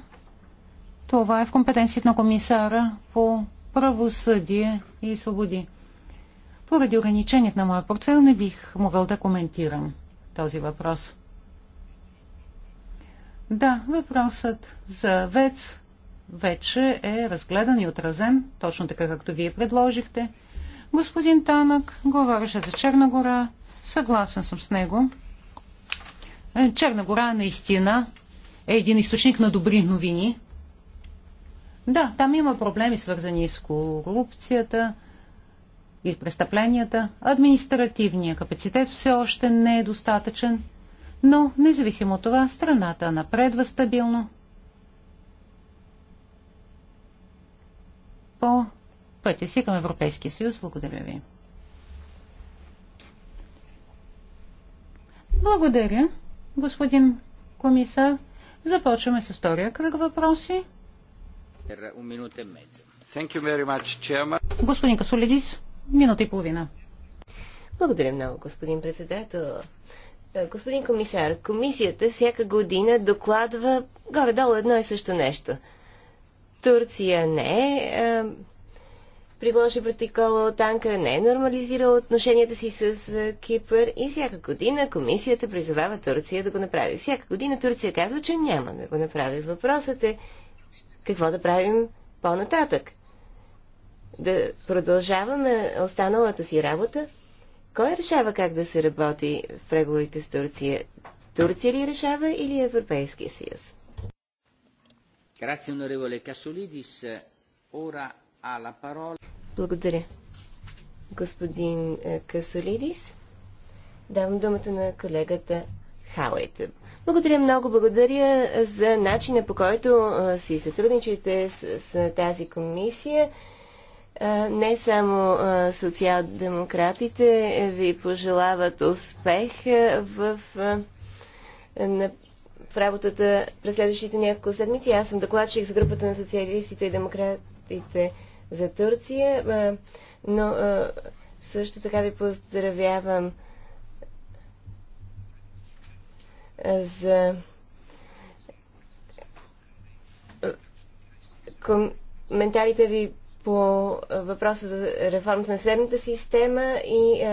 това е в компетенцията на комисара по правосъдие и свободи. Поради ограничението на моя портфел не бих могъл да коментирам този въпрос. Да, въпросът за ВЕЦ вече е разгледан и отразен, точно така както вие предложихте. Господин Танък говореше за Черна гора, Съгласен съм с него. Е, Черна гора наистина е един източник на добри новини. Да, там има проблеми, свързани с корупцията и престъпленията. Административният капацитет все още не е достатъчен, но независимо от това, страната напредва стабилно. По пътя си към Европейския съюз. Благодаря ви. Благодаря, господин комисар. Започваме с втория кръг въпроси. Господин Касолидис, минута и половина. Благодаря много, господин председател. Господин комисар, комисията всяка година докладва горе-долу едно и също нещо. Турция не е, е приложи протокола от Анкара, не е нормализирал отношенията си с Кипър и всяка година комисията призовава Турция да го направи. Всяка година Турция казва, че няма да го направи. Въпросът е какво да правим по-нататък. Да продължаваме останалата си работа. Кой решава как да се работи в преговорите с Турция? Турция ли решава или Европейския съюз? Grazie onorevole Casolidis. Ora благодаря. Господин е, Касолидис, давам думата на колегата Хауейт. Благодаря много, благодаря за начина по който е, си сътрудничате с, с тази комисия. Е, не само социал-демократите ви пожелават успех в, в работата през следващите няколко седмици. Аз съм докладчик с групата на социалистите и демократите за Турция, но също така ви поздравявам за коментарите ви по въпроса за реформата на съдебната система и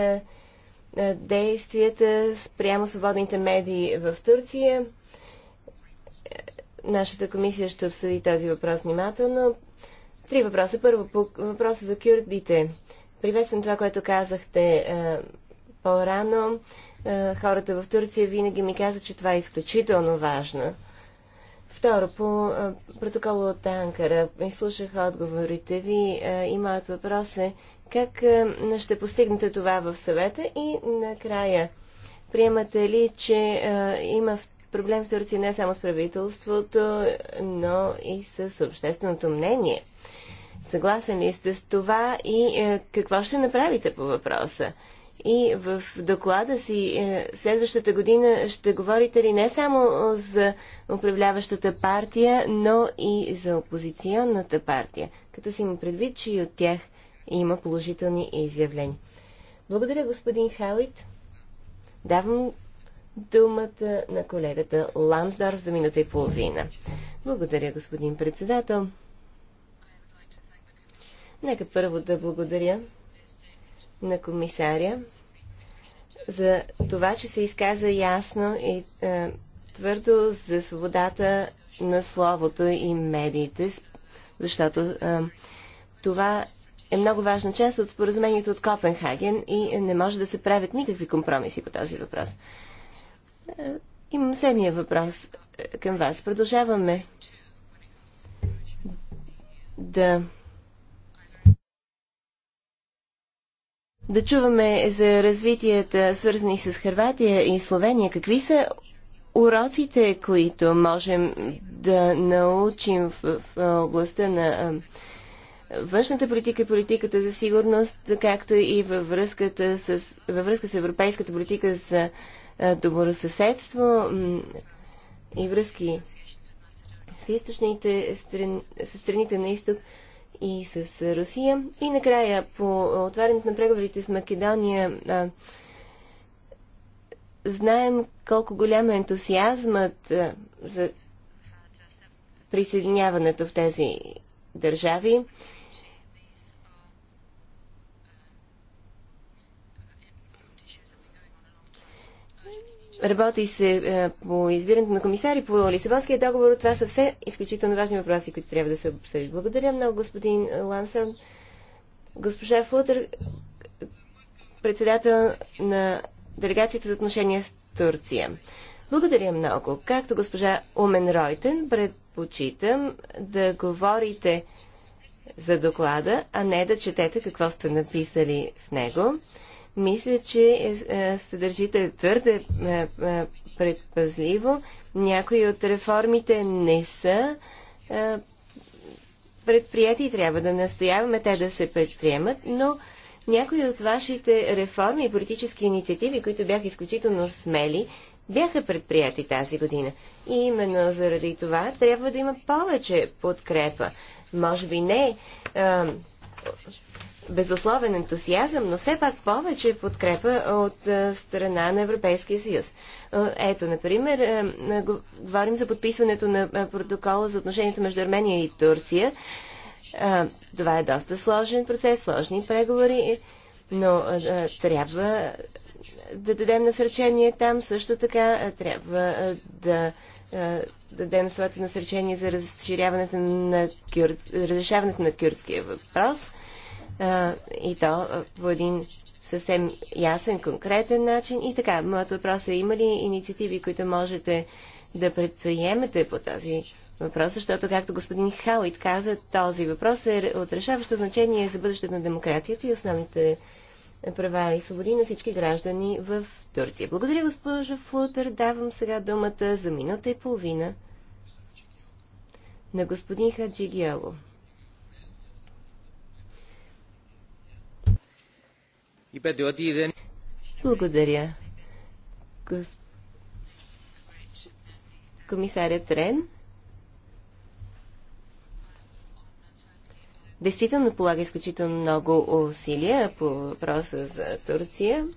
действията спрямо свободните медии в Турция. Нашата комисия ще обсъди този въпрос внимателно. Три въпроса. Първо, по въпроса за кюрдите. Приветствам това, което казахте е, по-рано. Е, хората в Турция винаги ми казват, че това е изключително важно. Второ, по е, протокола от Анкара. Изслушах отговорите ви и моят въпрос е как ще постигнете това в съвета и накрая приемате ли, че има проблем в Турция не само с правителството, но и с общественото мнение? Съгласен ли сте с това и е, какво ще направите по въпроса? И в доклада си е, следващата година ще говорите ли не само за управляващата партия, но и за опозиционната партия, като си му предвид, че и от тях има положителни изявления. Благодаря, господин Хауит. Давам думата на колегата Ламсдорф за минута и половина. Благодаря, господин председател. Нека първо да благодаря на комисаря за това, че се изказа ясно и е, твърдо за свободата на словото и медиите, защото е, това е много важна част от споразумението от Копенхаген и не може да се правят никакви компромиси по този въпрос. Е, имам следния въпрос е, към вас. Продължаваме да да чуваме за развитията, свързани с Харватия и Словения. Какви са уроците, които можем да научим в, в областта на външната политика и политиката за сигурност, както и във, връзката с, във връзка с европейската политика за добросъседство и връзки с, източните, страни, с страните на изток и с Русия. И накрая, по отварянето на преговорите с Македония, а, знаем колко голям е ентусиазмът а, за присъединяването в тези държави. Работи се е, по избирането на комисари по Лисабонския договор. Това са все изключително важни въпроси, които трябва да се обсъдят. Благодаря много, господин Лансърн. Госпожа Флутер, председател на делегацията за отношения с Турция. Благодаря много. Както госпожа Умен Ройтен, предпочитам да говорите за доклада, а не да четете какво сте написали в него. Мисля, че се е, държите твърде е, е, предпазливо. Някои от реформите не са предприяти и трябва да настояваме те да се предприемат, но някои от вашите реформи и политически инициативи, които бяха изключително смели, бяха предприяти тази година. И именно заради това трябва да има повече подкрепа. Може би не безусловен ентусиазъм, но все пак повече подкрепа от страна на Европейския съюз. Ето, например, говорим за подписването на протокола за отношението между Армения и Турция. това е доста сложен процес, сложни преговори, но трябва да дадем насречение там. Също така трябва да дадем своето насречение за разширяването на кюр... разрешаването на кюрдския въпрос и то по един съвсем ясен, конкретен начин. И така, моят въпрос е има ли инициативи, които можете да предприемете по този въпрос, защото, както господин Хауит каза, този въпрос е от решаващо значение за бъдещето на демокрацията и основните права и свободи на всички граждани в Турция. Благодаря, госпожо Флутер. Давам сега думата за минута и половина на господин Хаджи Благодаря. Госп... Комисарят Рен. Действително полага изключително много усилия по въпроса за Турция.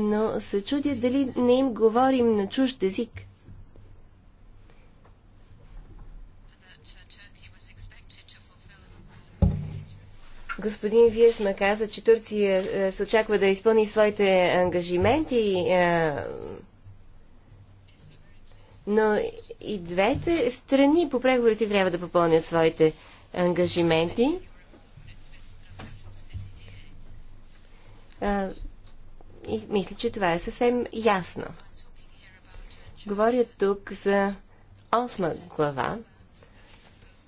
Но се чудя дали не им говорим на чужд език. Господин ме каза, че Турция е, се очаква да изпълни своите ангажименти, е, но и двете страни по преговорите трябва да попълнят своите ангажименти. Е, и мисля, че това е съвсем ясно. Говоря тук за осма глава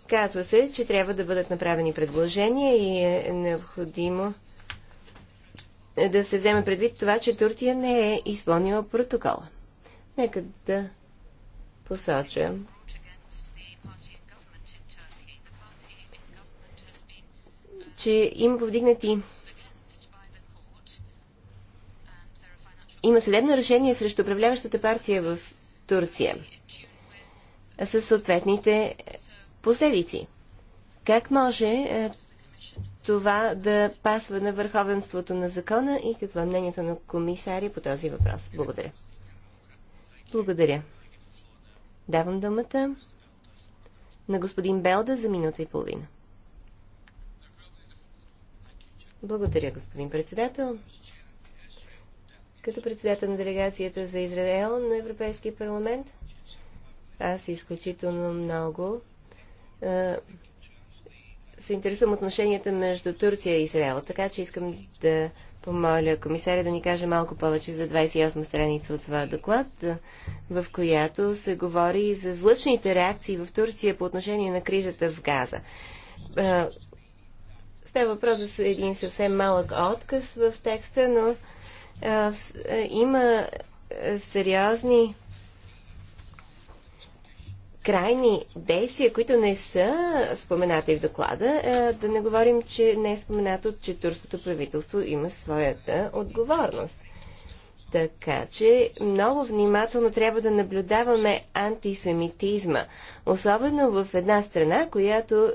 Казва се, че трябва да бъдат направени предложения и е необходимо да се вземе предвид това, че Турция не е изпълнила протокола. Нека да посоча, че има повдигнати има съдебно решение срещу управляващата партия в Турция с съответните последици. Как може е, това да пасва на върховенството на закона и какво е мнението на комисаря по този въпрос? Благодаря. Благодаря. Давам думата на господин Белда за минута и половина. Благодаря, господин председател. Като председател на делегацията за Израел на Европейския парламент, аз изключително много е, се интересувам отношенията между Турция и Израел, така че искам да помоля комисаря да ни каже малко повече за 28 страница от своя доклад, е, в която се говори за злъчните реакции в Турция по отношение на кризата в Газа. Е, става въпрос за един съвсем малък отказ в текста, но има сериозни крайни действия, които не са споменати в доклада, е, да не говорим, че не е споменато, че турското правителство има своята отговорност. Така че много внимателно трябва да наблюдаваме антисемитизма, особено в една страна, която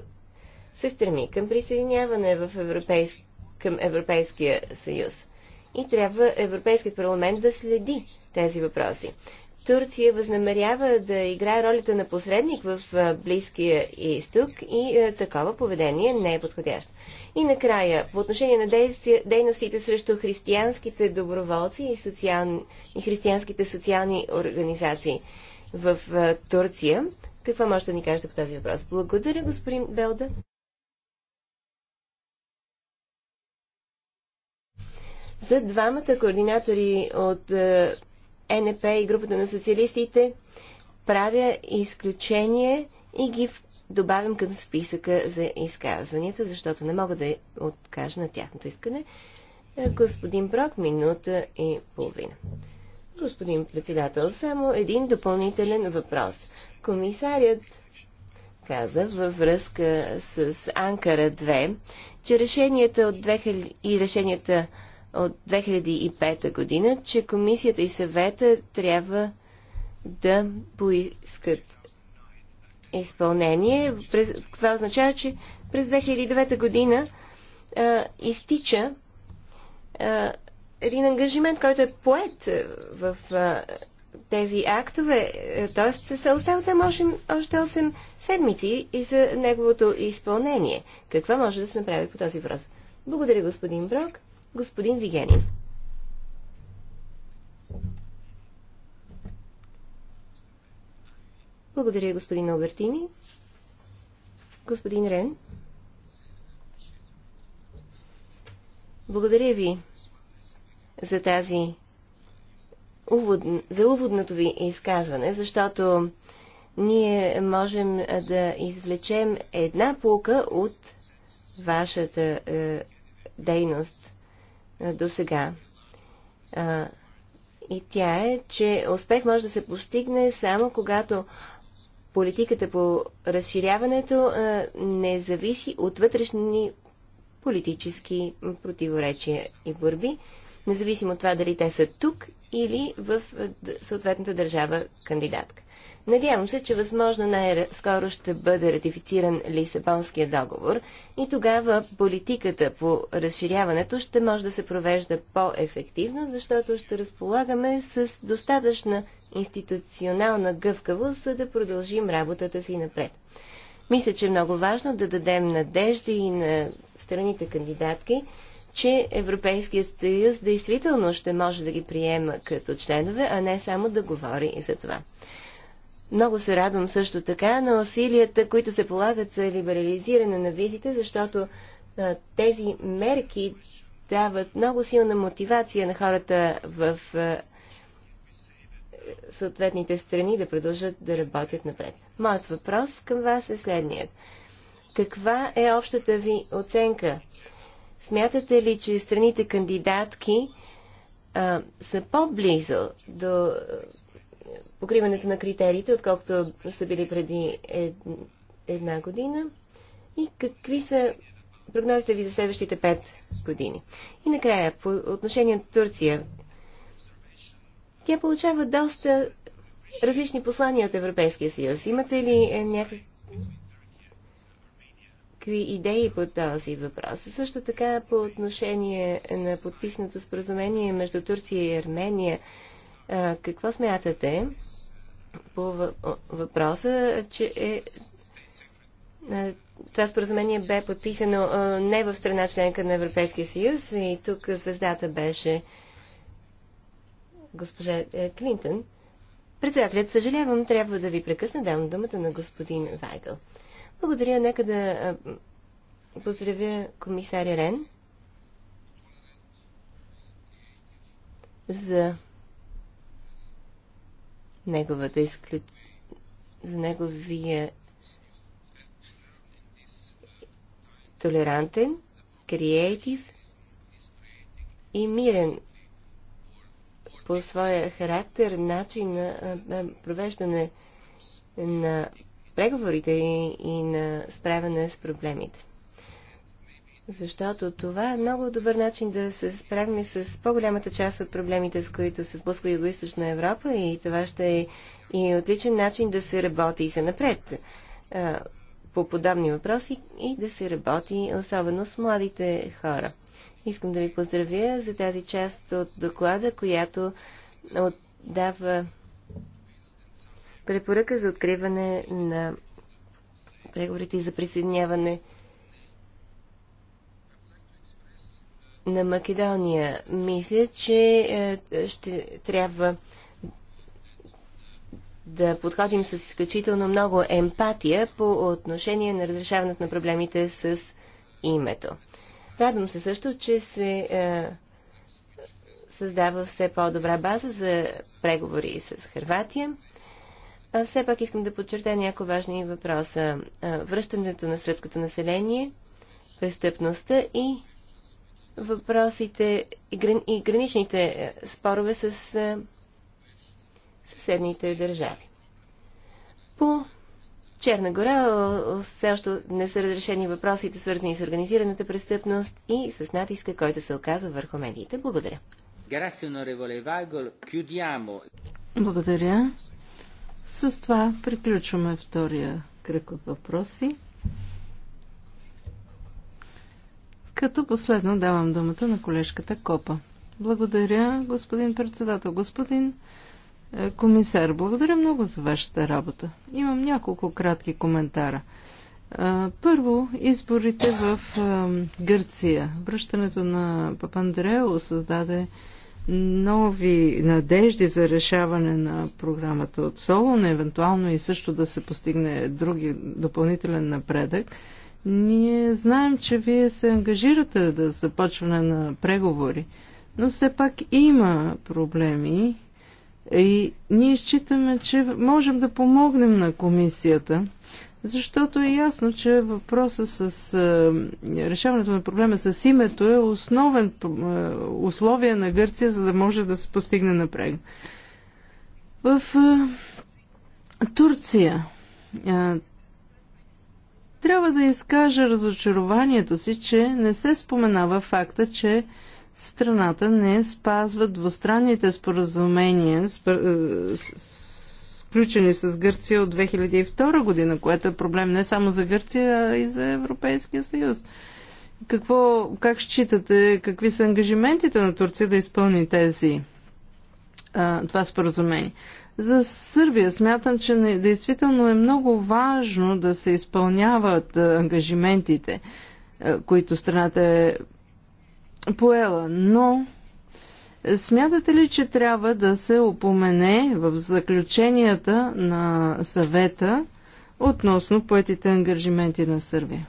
се стреми към присъединяване в европейск... към Европейския съюз. И трябва Европейският парламент да следи тези въпроси. Турция възнамерява да играе ролята на посредник в Близкия изток и такова поведение не е подходящо. И накрая, по отношение на дейностите срещу християнските доброволци и, социални, и християнските социални организации в Турция, какво може да ни кажете по този въпрос? Благодаря, господин Белда. За двамата координатори от НП и групата на социалистите, правя изключение и ги добавям към списъка за изказванията, защото не мога да откажа на тяхното искане. Е, господин Брок, минута и половина. Господин председател, само един допълнителен въпрос. Комисарят каза във връзка с Анкара 2, че решенията от 2000 и решенията от 2005 година, че комисията и съвета трябва да поискат изпълнение. Това означава, че през 2009 година а, изтича а, един ангажимент, който е поет в а, тези актове, т.е. се остават само още 8 седмици и за неговото изпълнение. Какво може да се направи по този въпрос? Благодаря, господин Брок господин Вигенин. Благодаря, господин Албертини. Господин Рен. Благодаря ви за тази увод, за уводното ви изказване, защото ние можем да извлечем една полка от вашата е, дейност до сега. И тя е, че успех може да се постигне само когато политиката по разширяването не зависи от вътрешни политически противоречия и борби, независимо от това дали те са тук или в съответната държава кандидатка. Надявам се, че възможно най-скоро ще бъде ратифициран Лисабонския договор и тогава политиката по разширяването ще може да се провежда по-ефективно, защото ще разполагаме с достатъчна институционална гъвкавост, за да продължим работата си напред. Мисля, че е много важно да дадем надежди и на страните кандидатки, че Европейският съюз действително ще може да ги приема като членове, а не само да говори и за това. Много се радвам също така на усилията, които се полагат за либерализиране на визите, защото а, тези мерки дават много силна мотивация на хората в а, съответните страни да продължат да работят напред. Моят въпрос към вас е следният. Каква е общата ви оценка Смятате ли, че страните кандидатки а, са по-близо до покриването на критериите, отколкото са били преди ед... една година? И какви са прогнозите ви за следващите пет години? И накрая, по отношение на Турция, тя получава доста различни послания от Европейския съюз. Имате ли е, някакви някакви идеи по този въпрос. Също така по отношение на подписаното споразумение между Турция и Армения, какво смятате по въпроса, че е това споразумение бе подписано не в страна членка на Европейския съюз и тук звездата беше госпожа е, Клинтън. Председателят, съжалявам, трябва да ви прекъсна. Давам думата на господин Вайгъл. Благодаря. Нека да поздравя комисаря Рен за неговата изклю... за неговия толерантен, креатив и мирен по своя характер, начин на провеждане на преговорите и, и на справяне с проблемите. Защото това е много добър начин да се справим с по-голямата част от проблемите, с които се сблъсква Юго-Источна Европа и това ще е и отличен начин да се работи и се напред а, по подобни въпроси и да се работи особено с младите хора. Искам да ви поздравя за тази част от доклада, която отдава препоръка за откриване на преговорите за присъединяване на Македония. Мисля, че е, ще трябва да подходим с изключително много емпатия по отношение на разрешаването на проблемите с името. Радвам се също, че се е, създава все по-добра база за преговори с Хрватия. Аз Все пак искам да подчертая някои важни въпроса. Връщането на средското население, престъпността и въпросите и, и граничните е, спорове с е, съседните държави. По Черна гора все още не са разрешени въпросите, свързани с организираната престъпност и с натиска, който се оказва върху медиите. Благодаря. Благодаря. С това приключваме втория кръг от въпроси. Като последно давам думата на колежката Копа. Благодаря, господин председател. Господин е, комисар, благодаря много за вашата работа. Имам няколко кратки коментара. Е, първо, изборите в е, Гърция. Връщането на Папандрео създаде нови надежди за решаване на програмата от Солон, евентуално и също да се постигне други допълнителен напредък. Ние знаем, че вие се ангажирате да започване на преговори, но все пак има проблеми и ние считаме, че можем да помогнем на комисията защото е ясно, че въпроса с е, решаването на проблема с името е основен е, условие на Гърция, за да може да се постигне напред. В е, Турция трябва да изкажа разочарованието си, че не се споменава факта, че страната не спазва двустранните споразумения с включени с Гърция от 2002 година, което е проблем не само за Гърция, а и за Европейския съюз. Какво, как считате, какви са ангажиментите на Турция да изпълни тези, а, това споразумение? За Сърбия смятам, че не, действително е много важно да се изпълняват ангажиментите, които страната е поела, но Смятате ли, че трябва да се опомене в заключенията на съвета относно поетите ангажименти на Сърбия?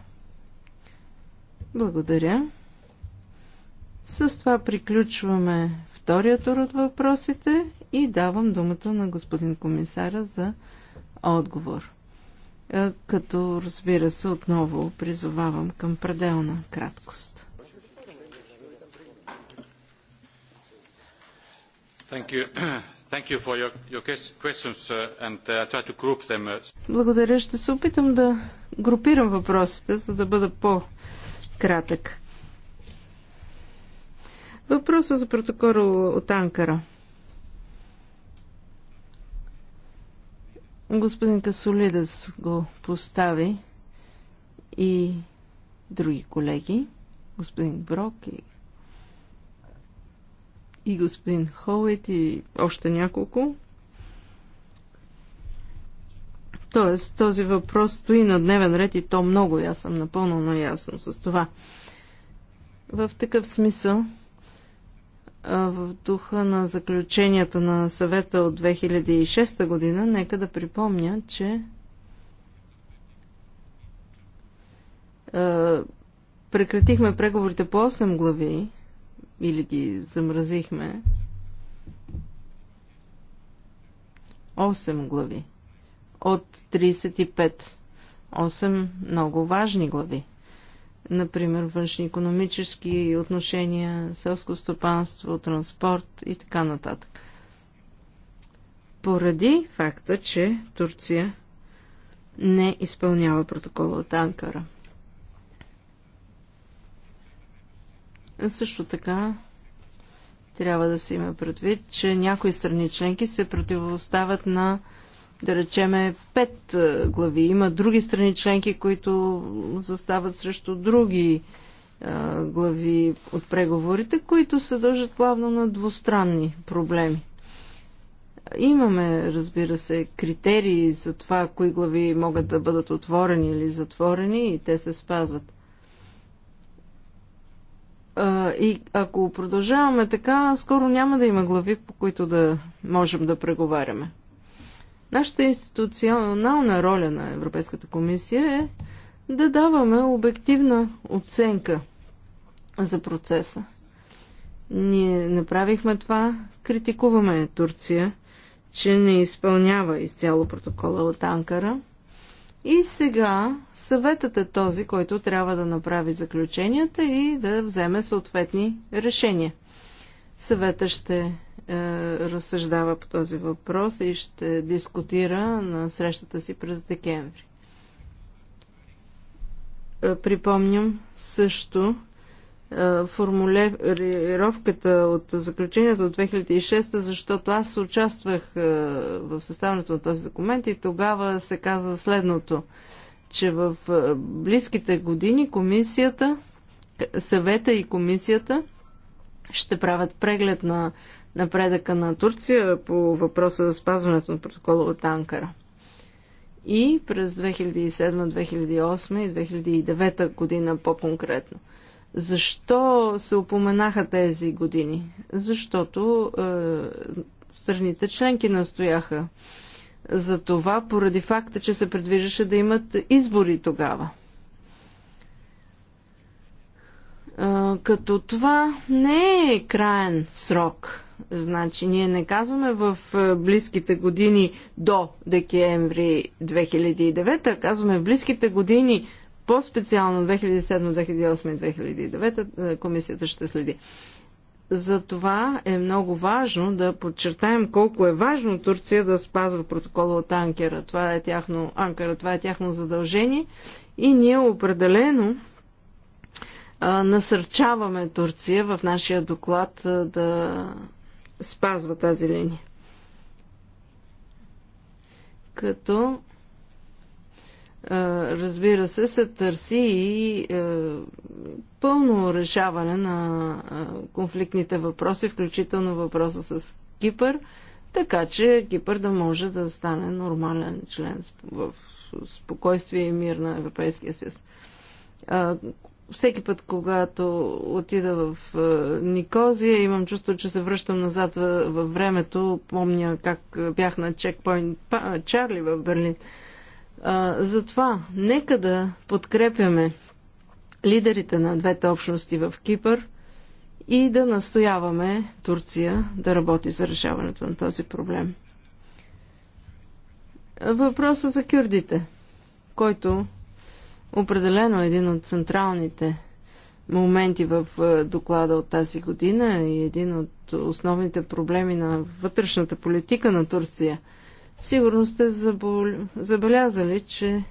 Благодаря. С това приключваме втория тур от въпросите и давам думата на господин комисаря за отговор. Е, като, разбира се, отново призовавам към пределна краткост. Благодаря. Ще се опитам да групирам въпросите, за да бъда по-кратък. Въпросът за протокола от Анкара. Господин Касолидес го постави и други колеги, господин Брок и и господин Холит и още няколко. Тоест, този въпрос стои на дневен ред и то много, и аз съм напълно наясно с това. В такъв смисъл, в духа на заключенията на съвета от 2006 година, нека да припомня, че прекратихме преговорите по 8 глави или ги замразихме. 8 глави от 35. 8 много важни глави. Например, външни-економически отношения, селско стопанство, транспорт и така нататък. Поради факта, че Турция не изпълнява протокола от Анкара. Също така трябва да се има предвид, че някои страни членки се противоставят на да речеме, пет глави. Има други страни членки, които застават срещу други глави от преговорите, които се дължат главно на двустранни проблеми. Имаме, разбира се, критерии за това, кои глави могат да бъдат отворени или затворени и те се спазват и ако продължаваме така, скоро няма да има глави, по които да можем да преговаряме. Нашата институционална роля на Европейската комисия е да даваме обективна оценка за процеса. Ние направихме това, критикуваме Турция, че не изпълнява изцяло протокола от Анкара – и сега съветът е този, който трябва да направи заключенията и да вземе съответни решения. Съветът ще е, разсъждава по този въпрос и ще дискутира на срещата си през декември. Е, припомням също, формулировката от заключението от 2006, защото аз участвах в съставането на този документ и тогава се каза следното, че в близките години комисията, съвета и комисията ще правят преглед на напредъка на Турция по въпроса за спазването на протокола от Анкара. И през 2007, 2008 и 2009 година по-конкретно – защо се упоменаха тези години? Защото е, страните членки настояха за това, поради факта, че се предвиждаше да имат избори тогава. Е, като това не е краен срок. Значи, ние не казваме в е, близките години до декември 2009, а казваме в близките години по-специално 2007, 2008 и 2009 е, комисията ще следи. Затова е много важно да подчертаем колко е важно Турция да спазва протокола от Анкера. Това е тяхно, Анкера, това е тяхно задължение и ние определено а, насърчаваме Турция в нашия доклад а, да спазва тази линия. Като разбира се, се търси и пълно решаване на конфликтните въпроси, включително въпроса с Кипър, така че Кипър да може да стане нормален член в спокойствие и мир на Европейския съюз. Всеки път, когато отида в Никозия, имам чувство, че се връщам назад във времето. Помня как бях на чекпоинт Чарли в Берлин. А, затова нека да подкрепяме лидерите на двете общности в Кипър и да настояваме Турция да работи за решаването на този проблем. Въпросът за кюрдите, който определено е един от централните моменти в доклада от тази година и един от основните проблеми на вътрешната политика на Турция – Сигурно сте забол... забелязали, че е,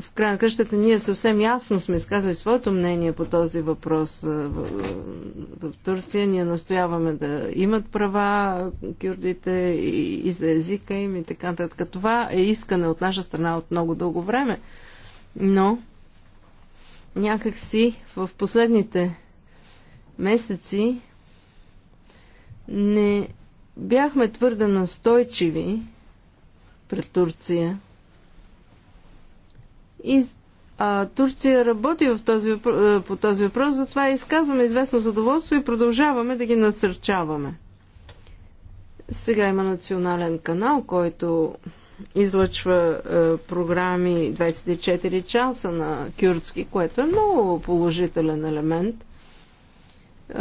в края на кръщата ние съвсем ясно сме изказали своето мнение по този въпрос е, в, в Турция. Ние настояваме да имат права кюрдите и, и за езика им и така нататък. Това е искане от наша страна от много дълго време. Но някак си в последните месеци не бяхме твърде настойчиви пред Турция. И а, Турция работи в този, по този въпрос, затова изказваме известно задоволство и продължаваме да ги насърчаваме. Сега има национален канал, който излъчва е, програми 24 часа на кюрдски, което е много положителен елемент – е,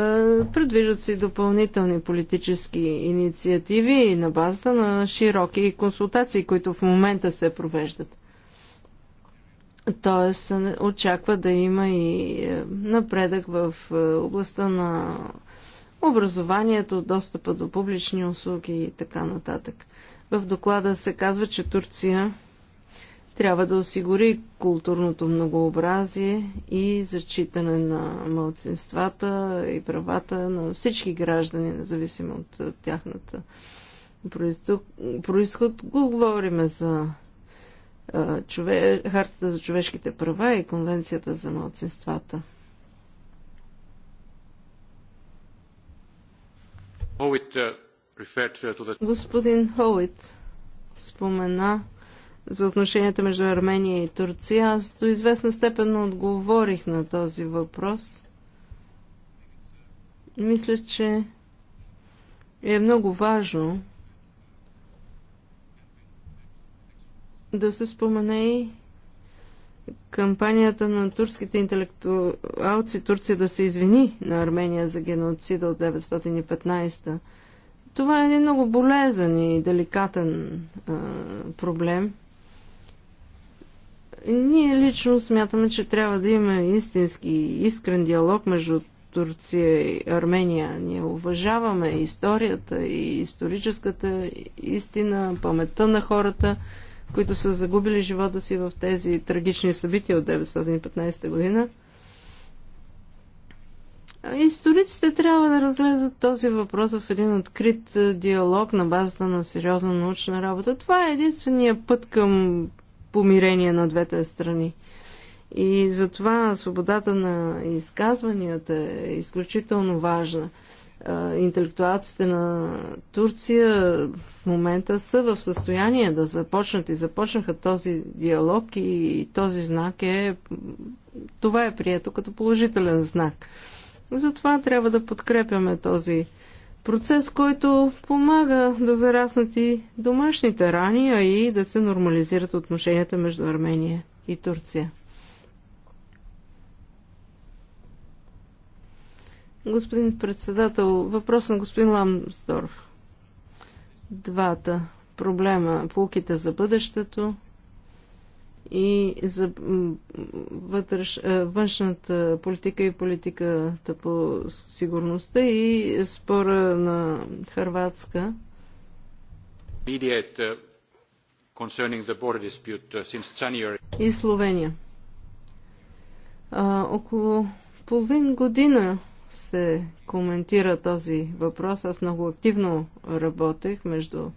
предвиждат се допълнителни политически инициативи на базата на широки консултации, които в момента се провеждат. Тоест, очаква да има и е, напредък в е, областта на образованието, достъпа до публични услуги и така нататък. В доклада се казва, че Турция трябва да осигури културното многообразие и зачитане на младсинствата и правата на всички граждани, независимо от тяхната происход. Говориме за чове... Хартата за човешките права и Конвенцията за младсинствата. Uh, Господин Хоуит спомена за отношенията между Армения и Турция. Аз до известна степен отговорих на този въпрос. Мисля, че е много важно да се спомене и кампанията на турските интелектуалци Турция да се извини на Армения за геноцида от 915. Това е един много болезен и деликатен а, проблем. Ние лично смятаме, че трябва да има истински искрен диалог между Турция и Армения. Ние уважаваме историята и историческата истина, паметта на хората, които са загубили живота си в тези трагични събития от 1915 година. Историците трябва да разгледат този въпрос в един открит диалог на базата на сериозна научна работа. Това е единствения път към помирение на двете страни. И затова свободата на изказванията е изключително важна. Интелектуалците на Турция в момента са в състояние да започнат и започнаха този диалог и този знак е... Това е прието като положителен знак. Затова трябва да подкрепяме този Процес, който помага да зараснат и домашните рани, а и да се нормализират отношенията между Армения и Турция. Господин председател, въпрос на господин Ламсдорф. Двата проблема, полките за бъдещето – и за вътреш, е, външната политика и политиката по сигурността и спора на Харватска. Е, е, и Словения. А, около половин година се коментира този въпрос. Аз много активно работех между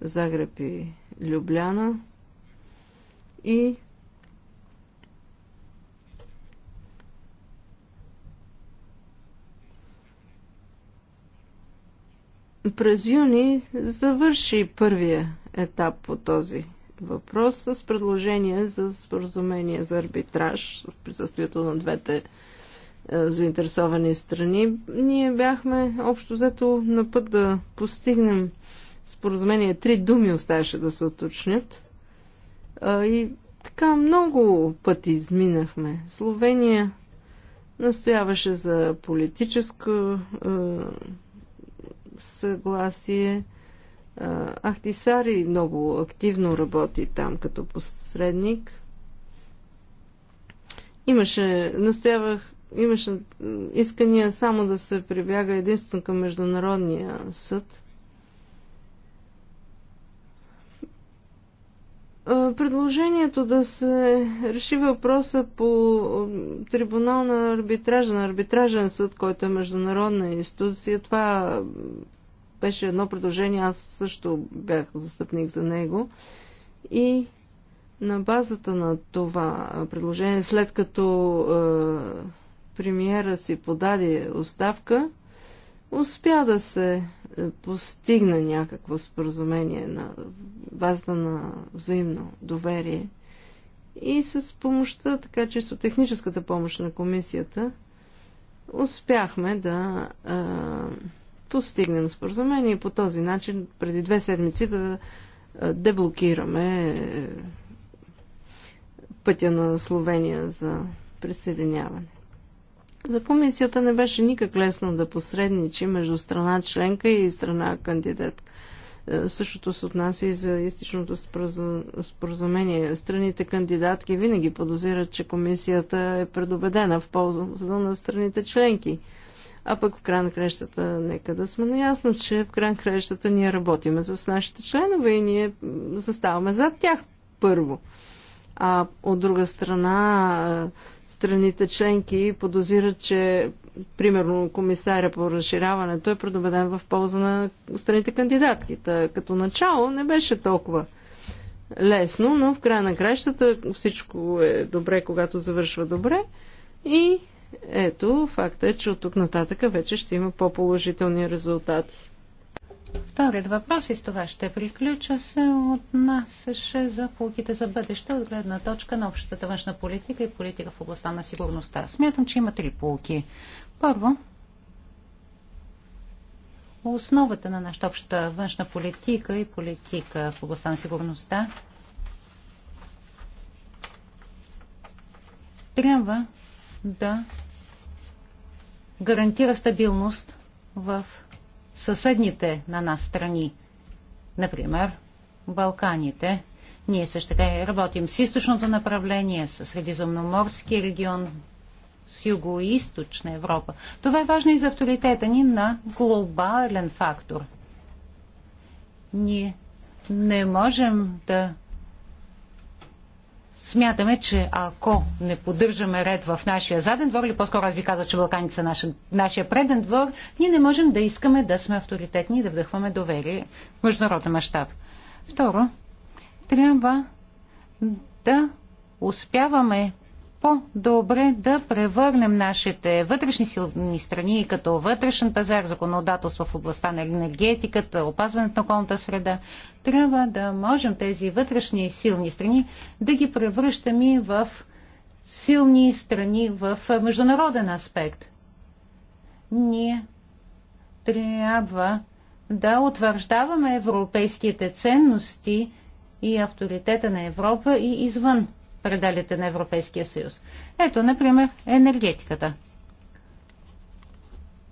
Загреб и Любляна и през юни завърши първия етап по този въпрос с предложение за споразумение за арбитраж в присъствието на двете е, заинтересовани страни. Ние бяхме общо взето на път да постигнем споразумение. Три думи оставаше да се уточнят. И така много пъти изминахме. Словения настояваше за политическо а, съгласие. Ахтисари много активно работи там като посредник. Имаше, настоявах, имаше искания само да се прибяга единствено към Международния съд – Предложението да се реши въпроса по трибунал на арбитража, на арбитражен съд, който е международна институция, това беше едно предложение, аз също бях застъпник за него. И на базата на това предложение, след като е, премиера си подаде оставка, успя да се постигна някакво споразумение на базата на взаимно доверие и с помощта, така чисто техническата помощ на комисията, успяхме да а, постигнем споразумение и по този начин преди две седмици да деблокираме е, пътя на Словения за присъединяване. За комисията не беше никак лесно да посредничи между страна членка и страна кандидат е, Същото се отнася и за изтичното споразумение. Страните кандидатки винаги подозират, че комисията е предобедена в полза на страните членки. А пък в край на крещата, нека да сме наясно, че в край на крещата ние работиме с нашите членове и ние заставаме зад тях първо а от друга страна страните членки подозират, че примерно комисаря по разширяването е предобеден в полза на страните кандидатки. Като начало не беше толкова лесно, но в края на кращата всичко е добре, когато завършва добре. И ето, факта е, че от тук нататък вече ще има по-положителни резултати. Вторият въпрос, и с това ще приключа, се от нас за полките за бъдеще от гледна точка на общата външна политика и политика в областта на сигурността. Смятам, че има три полки. Първо, основата на нашата обща външна политика и политика в областта на сигурността трябва да гарантира стабилност в съседните на нас страни, например Балканите. Ние също така работим с източното направление, с Средиземноморския регион, с юго-источна Европа. Това е важно и за авторитета ни на глобален фактор. Ние не можем да смятаме, че ако не поддържаме ред в нашия заден двор, или по-скоро аз ви казах, че Балканите са наша, нашия преден двор, ние не можем да искаме да сме авторитетни и да вдъхваме доверие в международен мащаб. Второ, трябва да успяваме по-добре да превърнем нашите вътрешни силни страни като вътрешен пазар, законодателство в областта на енергетиката, опазването на околната среда. Трябва да можем тези вътрешни силни страни да ги превръщаме в силни страни в международен аспект. Ние трябва да утвърждаваме европейските ценности и авторитета на Европа и извън пределите на Европейския съюз. Ето, например, енергетиката.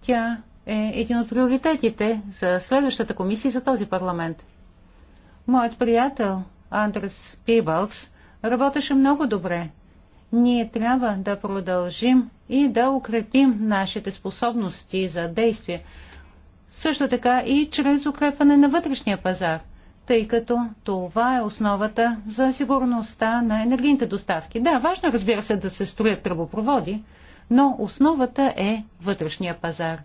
Тя е един от приоритетите за следващата комисия за този парламент. Моят приятел Андрес Пибалкс работеше много добре. Ние трябва да продължим и да укрепим нашите способности за действие. Също така и чрез укрепване на вътрешния пазар – тъй като това е основата за сигурността на енергийните доставки. Да, важно разбира се да се строят тръбопроводи, но основата е вътрешния пазар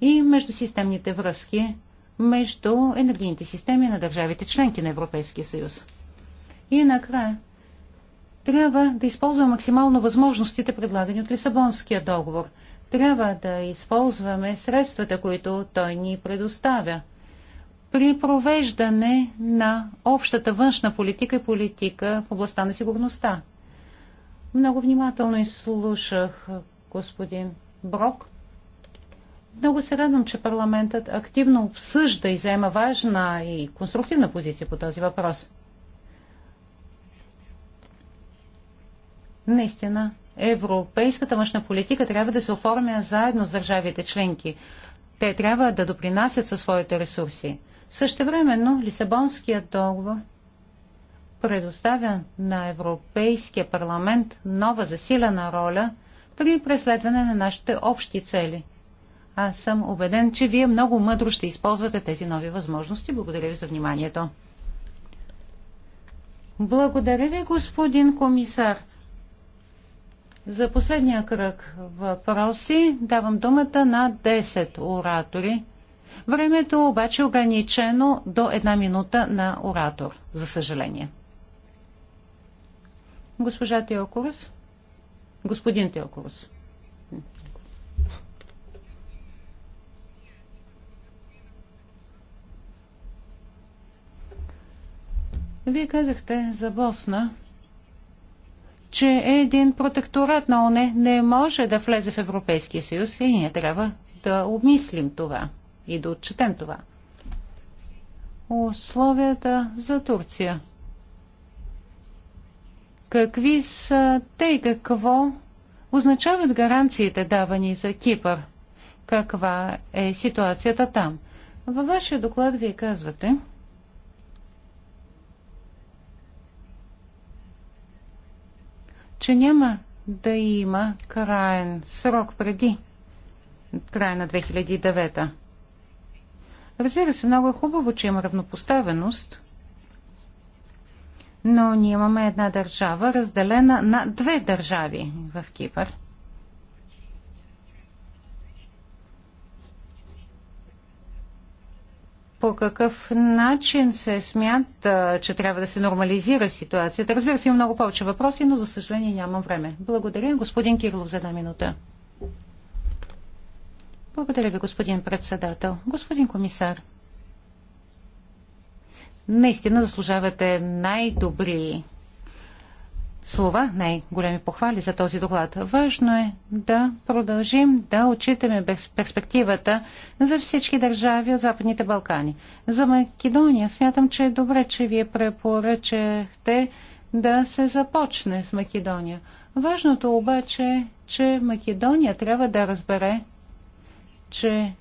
и междусистемните връзки между енергийните системи на държавите членки на Европейския съюз. И накрая, трябва да използваме максимално възможностите, предлагани от Лисабонския договор. Трябва да използваме средствата, които той ни предоставя – при провеждане на общата външна политика и политика в областта на сигурността. Много внимателно изслушах господин Брок. Много се радвам, че парламентът активно обсъжда и заема важна и конструктивна позиция по този въпрос. Наистина, европейската външна политика трябва да се оформя заедно с държавите членки. Те трябва да допринасят със своите ресурси. Същевременно Лисабонският договор предоставя на Европейския парламент нова засилена роля при преследване на нашите общи цели. Аз съм убеден, че вие много мъдро ще използвате тези нови възможности. Благодаря ви за вниманието. Благодаря ви, господин комисар. За последния кръг въпроси давам думата на 10 оратори. Времето обаче е ограничено до една минута на оратор, за съжаление. Госпожа Теокурус. Господин Теокурус. Вие казахте за Босна, че един протекторат на ОНЕ не може да влезе в Европейския съюз и ние трябва да обмислим това и да отчетем това. Условията за Турция. Какви са те и какво означават гаранциите давани за Кипър? Каква е ситуацията там? Във вашия доклад вие казвате, че няма да има крайен срок преди края на 2009. Разбира се, много е хубаво, че има равнопоставеност, но ние имаме една държава, разделена на две държави в Кипър. по какъв начин се смята, че трябва да се нормализира ситуацията. Разбира се, има много повече въпроси, но за съжаление нямам време. Благодаря, господин Кирлов, за една минута. Благодаря ви, господин председател. Господин комисар, наистина заслужавате най-добри слова, най-големи похвали за този доклад. Важно е да продължим да отчитаме перспективата за всички държави от Западните Балкани. За Македония смятам, че е добре, че вие препоръчахте да се започне с Македония. Важното обаче е, че Македония трябва да разбере, че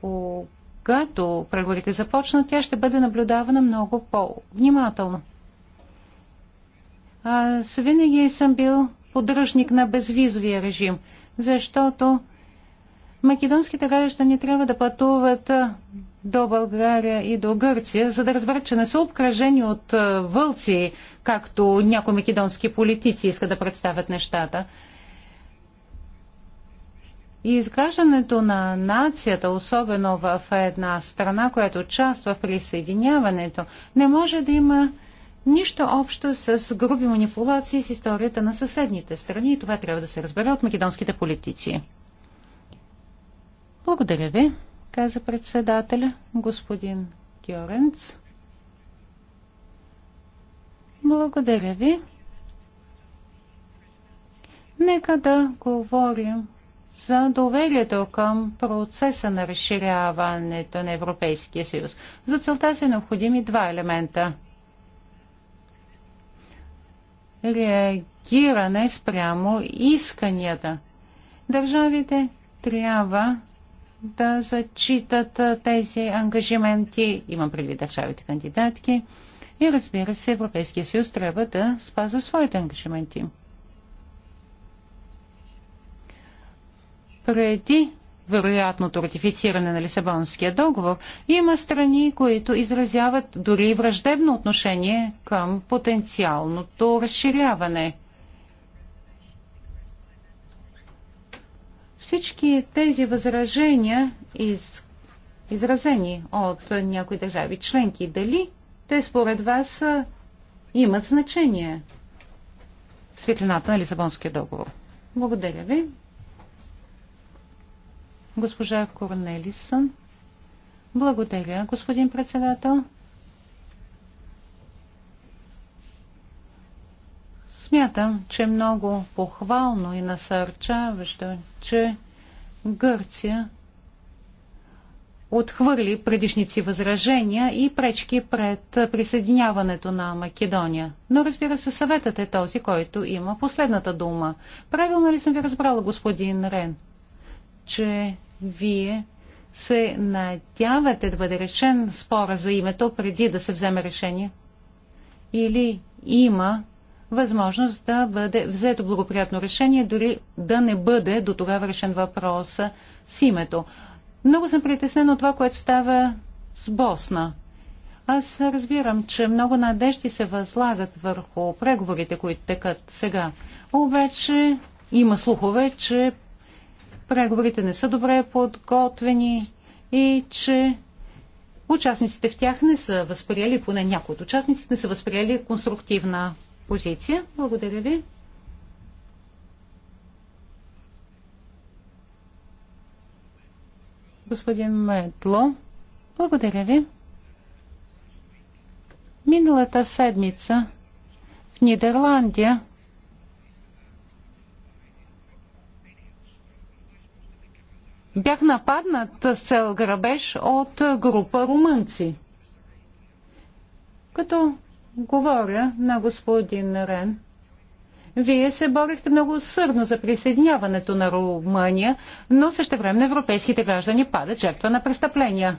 когато преговорите започнат, тя ще бъде наблюдавана много по-внимателно. Аз винаги съм бил поддръжник на безвизовия режим, защото македонските граждани трябва да пътуват до България и до Гърция, за да разберат, че не са обкръжени от вълци, както някои македонски политици искат да представят нещата. И изграждането на нацията, особено в една страна, която участва в присъединяването, не може да има нищо общо с груби манипулации с историята на съседните страни и това трябва да се разбере от македонските политици. Благодаря ви, каза председателя, господин Кьоренц. Благодаря ви. Нека да говорим за доверието към процеса на разширяването на Европейския съюз. За целта са необходими два елемента. Реагиране спрямо исканията. Държавите трябва да зачитат тези ангажименти, имам предвид държавите кандидатки, и разбира се, Европейския съюз трябва да спаза своите ангажименти. преди вероятното ратифициране на Лисабонския договор, има страни, които изразяват дори враждебно отношение към потенциалното разширяване. Всички тези възражения, из... изразени от някои държави членки, дали те според вас имат значение в светлината на Лисабонския договор? Благодаря ви. Госпожа Корнелисън. Благодаря, господин председател. Смятам, че много похвално и насърчаващо, че Гърция отхвърли предишници възражения и пречки пред присъединяването на Македония. Но разбира се, съветът е този, който има последната дума. Правилно ли съм ви разбрала, господин Рен? че вие се надявате да бъде решен спора за името преди да се вземе решение? Или има възможност да бъде взето благоприятно решение, дори да не бъде до тогава решен въпроса с името? Много съм притеснен от това, което става с Босна. Аз разбирам, че много надежди се възлагат върху преговорите, които текат сега. Обаче има слухове, че преговорите не са добре подготвени и че участниците в тях не са възприели, поне някои от участниците не са възприели конструктивна позиция. Благодаря ви. Господин Медло, благодаря ви. Миналата седмица в Нидерландия бях нападнат с цел грабеж от група румънци. Като говоря на господин Рен, вие се борихте много усърдно за присъединяването на Румъния, но също време европейските граждани падат жертва на престъпления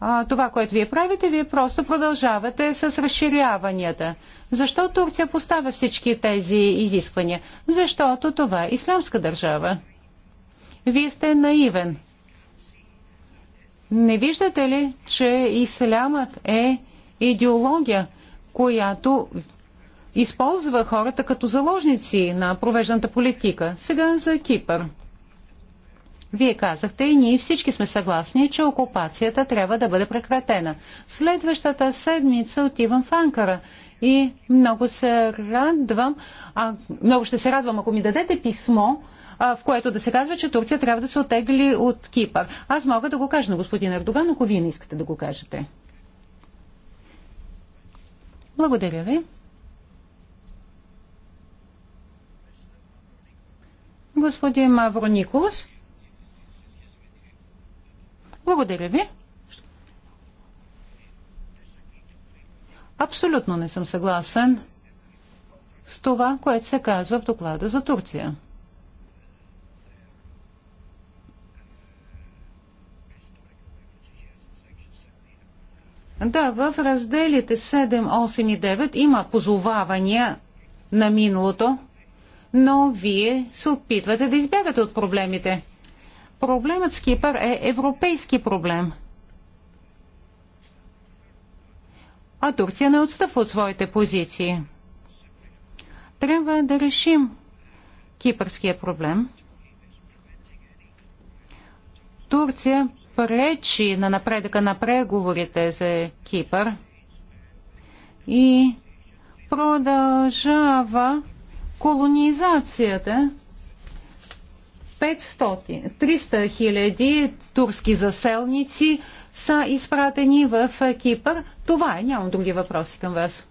а, това, което вие правите, вие просто продължавате с разширяванията. Защо Турция поставя всички тези изисквания? Защото това е исламска държава. Вие сте наивен. Не виждате ли, че ислямът е идеология, която използва хората като заложници на провежданата политика? Сега за Кипър. Вие казахте и ние всички сме съгласни, че окупацията трябва да бъде прекратена. Следващата седмица отивам в Анкара и много се радвам, а, много ще се радвам, ако ми дадете писмо, а, в което да се казва, че Турция трябва да се отегли от Кипър. Аз мога да го кажа на господин Ердоган, ако вие не искате да го кажете. Благодаря ви. Господин Мавро Николас. Благодаря ви. Абсолютно не съм съгласен с това, което се казва в доклада за Турция. Да, в разделите 7, 8 и 9 има позовавания на миналото, но вие се опитвате да избягате от проблемите проблемът с Кипър е европейски проблем. А Турция не отстъпва от своите позиции. Трябва да решим кипърския проблем. Турция пречи на напредъка на преговорите за Кипър и продължава колонизацията 500, 300 хиляди турски заселници са изпратени в е, Кипър. Това е. Нямам други въпроси към вас.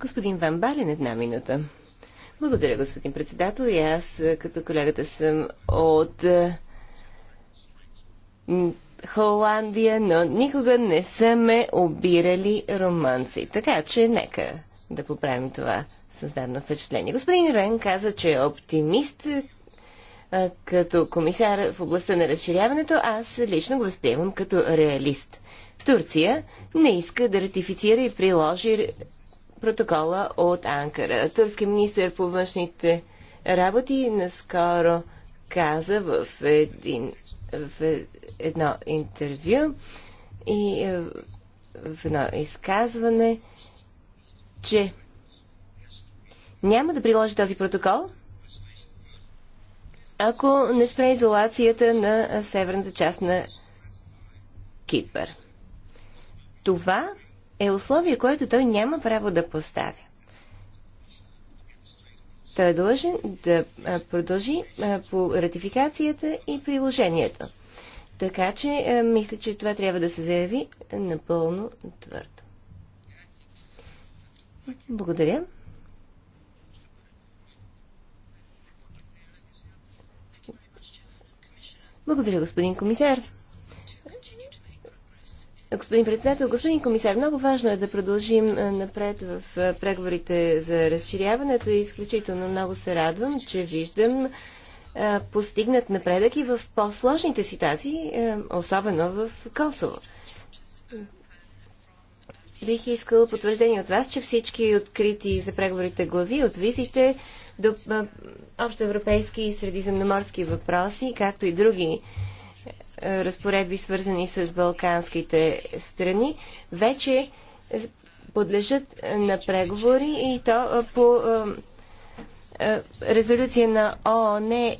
Господин Ван Бален, една минута. Благодаря, господин председател. И аз, е, като колегата съм от е, Холандия, но никога не са ме обирали романци. Така че, нека да поправим това създадено впечатление. Господин Рен каза, че е оптимист като комисар в областта на разширяването. Аз лично го възприемам като реалист. Турция не иска да ратифицира и приложи протокола от Анкара. Турски министр по външните работи наскоро каза в, един, в едно интервю и в едно изказване, че няма да приложи този протокол, ако не спре изолацията на северната част на Кипър. Това е условие, което той няма право да поставя. Той е дължен да продължи по ратификацията и приложението. Така че, мисля, че това трябва да се заяви напълно твърдо. Благодаря. Благодаря, господин комисар. Господин председател, господин комисар, много важно е да продължим е, напред в е, преговорите за разширяването и изключително много се радвам, че виждам е, постигнат напредък и в по-сложните ситуации, особено в Косово. Бих искала потвърждение от вас, че всички открити за преговорите глави от визите до общоевропейски и средиземноморски въпроси, както и други е, разпоредби, свързани с балканските страни, вече подлежат на преговори и то по резолюция на ООН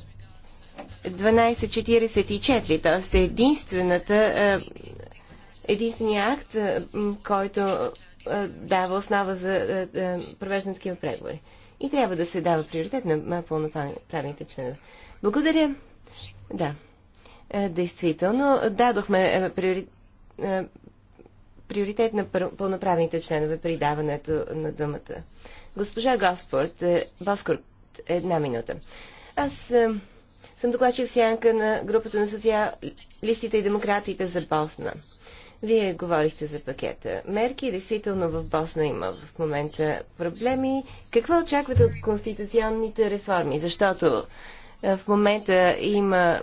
1244, т.е. единствената единствения акт, който дава основа за провеждане такива преговори. И трябва да се дава приоритет на пълноправните членове. Благодаря. Да. Е, действително, дадохме е, е, приоритет на пълноправните членове при даването на думата. Госпожа Госпорт, Боскор, една минута. Аз съм докладчик сянка на групата на социалистите и демократите за Босна. Вие говорихте за пакета мерки. Действително в Босна има в момента проблеми. Какво очаквате от конституционните реформи? Защото в момента има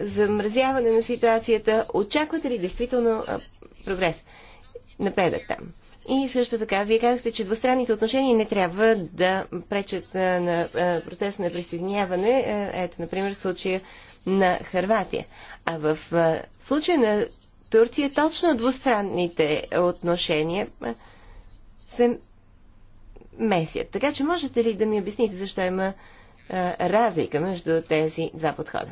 замразяване на ситуацията. Очаквате ли действително прогрес? Напредък там. И също така, вие казахте, че двустранните отношения не трябва да пречат на процеса на присъединяване. Е, ето, например, случая на Харватия. А в случая на Турция точно двустранните отношения се месят. Така че можете ли да ми обясните защо има разлика между тези два подхода?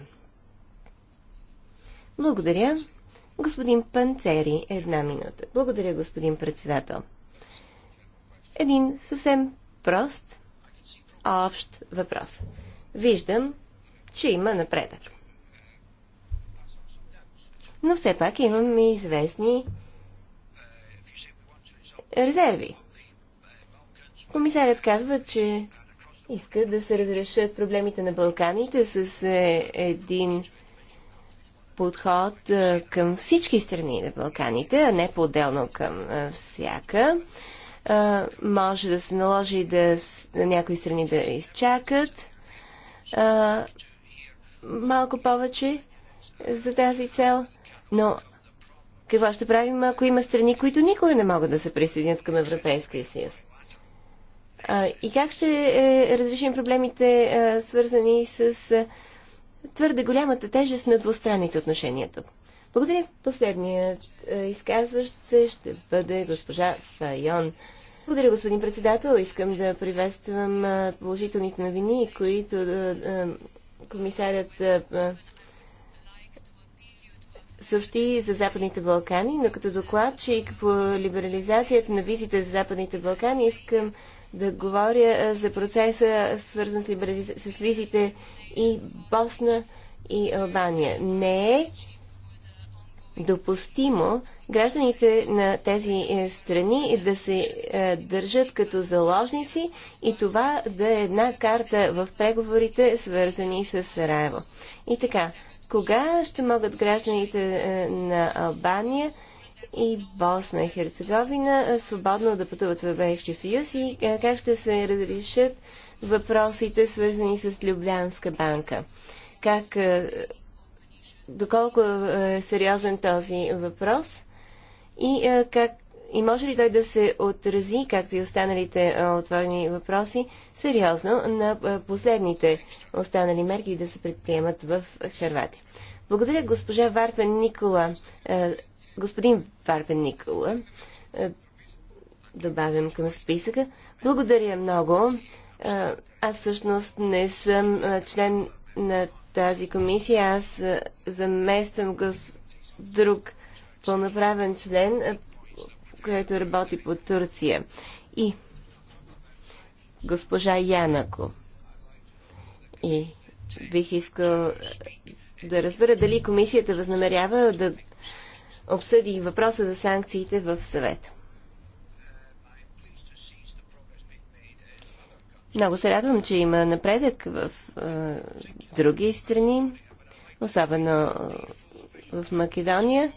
Благодаря. Господин Панцери, една минута. Благодаря, господин председател. Един съвсем прост, общ въпрос. Виждам, че има напредък но все пак имаме известни резерви. Комисарят казва, че иска да се разрешат проблемите на Балканите с е, един подход е, към всички страни на Балканите, а не по-отделно към е, всяка. Може да се наложи да някои страни да изчакат малко повече за тази цел. Но какво ще правим, ако има страни, които никога не могат да се присъединят към Европейския съюз? и как ще е, разрешим проблемите, свързани с твърде голямата тежест на двустранните отношения тук? Благодаря. Последният изказващ се ще бъде госпожа Файон. Благодаря, господин председател. Искам да приветствам положителните новини, които комисарят съобщи за Западните Балкани, но като докладчик по либерализацията на визите за Западните Балкани искам да говоря за процеса, свързан с, либерализ... с визите и Босна и Албания. Не е допустимо гражданите на тези е, страни да се е, държат като заложници и това да е една карта в преговорите, свързани с Сараево. И така, кога ще могат гражданите е, на Албания и Босна и Херцеговина е, свободно да пътуват в Европейския съюз и е, как ще се разрешат въпросите, свързани с Люблянска банка? Как, доколко е сериозен този въпрос и как и може ли той да се отрази, както и останалите отворени въпроси, сериозно на последните останали мерки да се предприемат в Харватия? Благодаря госпожа Варпен Никола, господин Варпен Никола, добавям към списъка. Благодаря много. Аз всъщност не съм член на тази комисия. Аз замествам друг пълноправен член която работи по Турция. И госпожа Янако. И бих искал да разбера дали комисията възнамерява да обсъди въпроса за санкциите в съвет. Много се радвам, че има напредък в е, други страни, особено в Македония.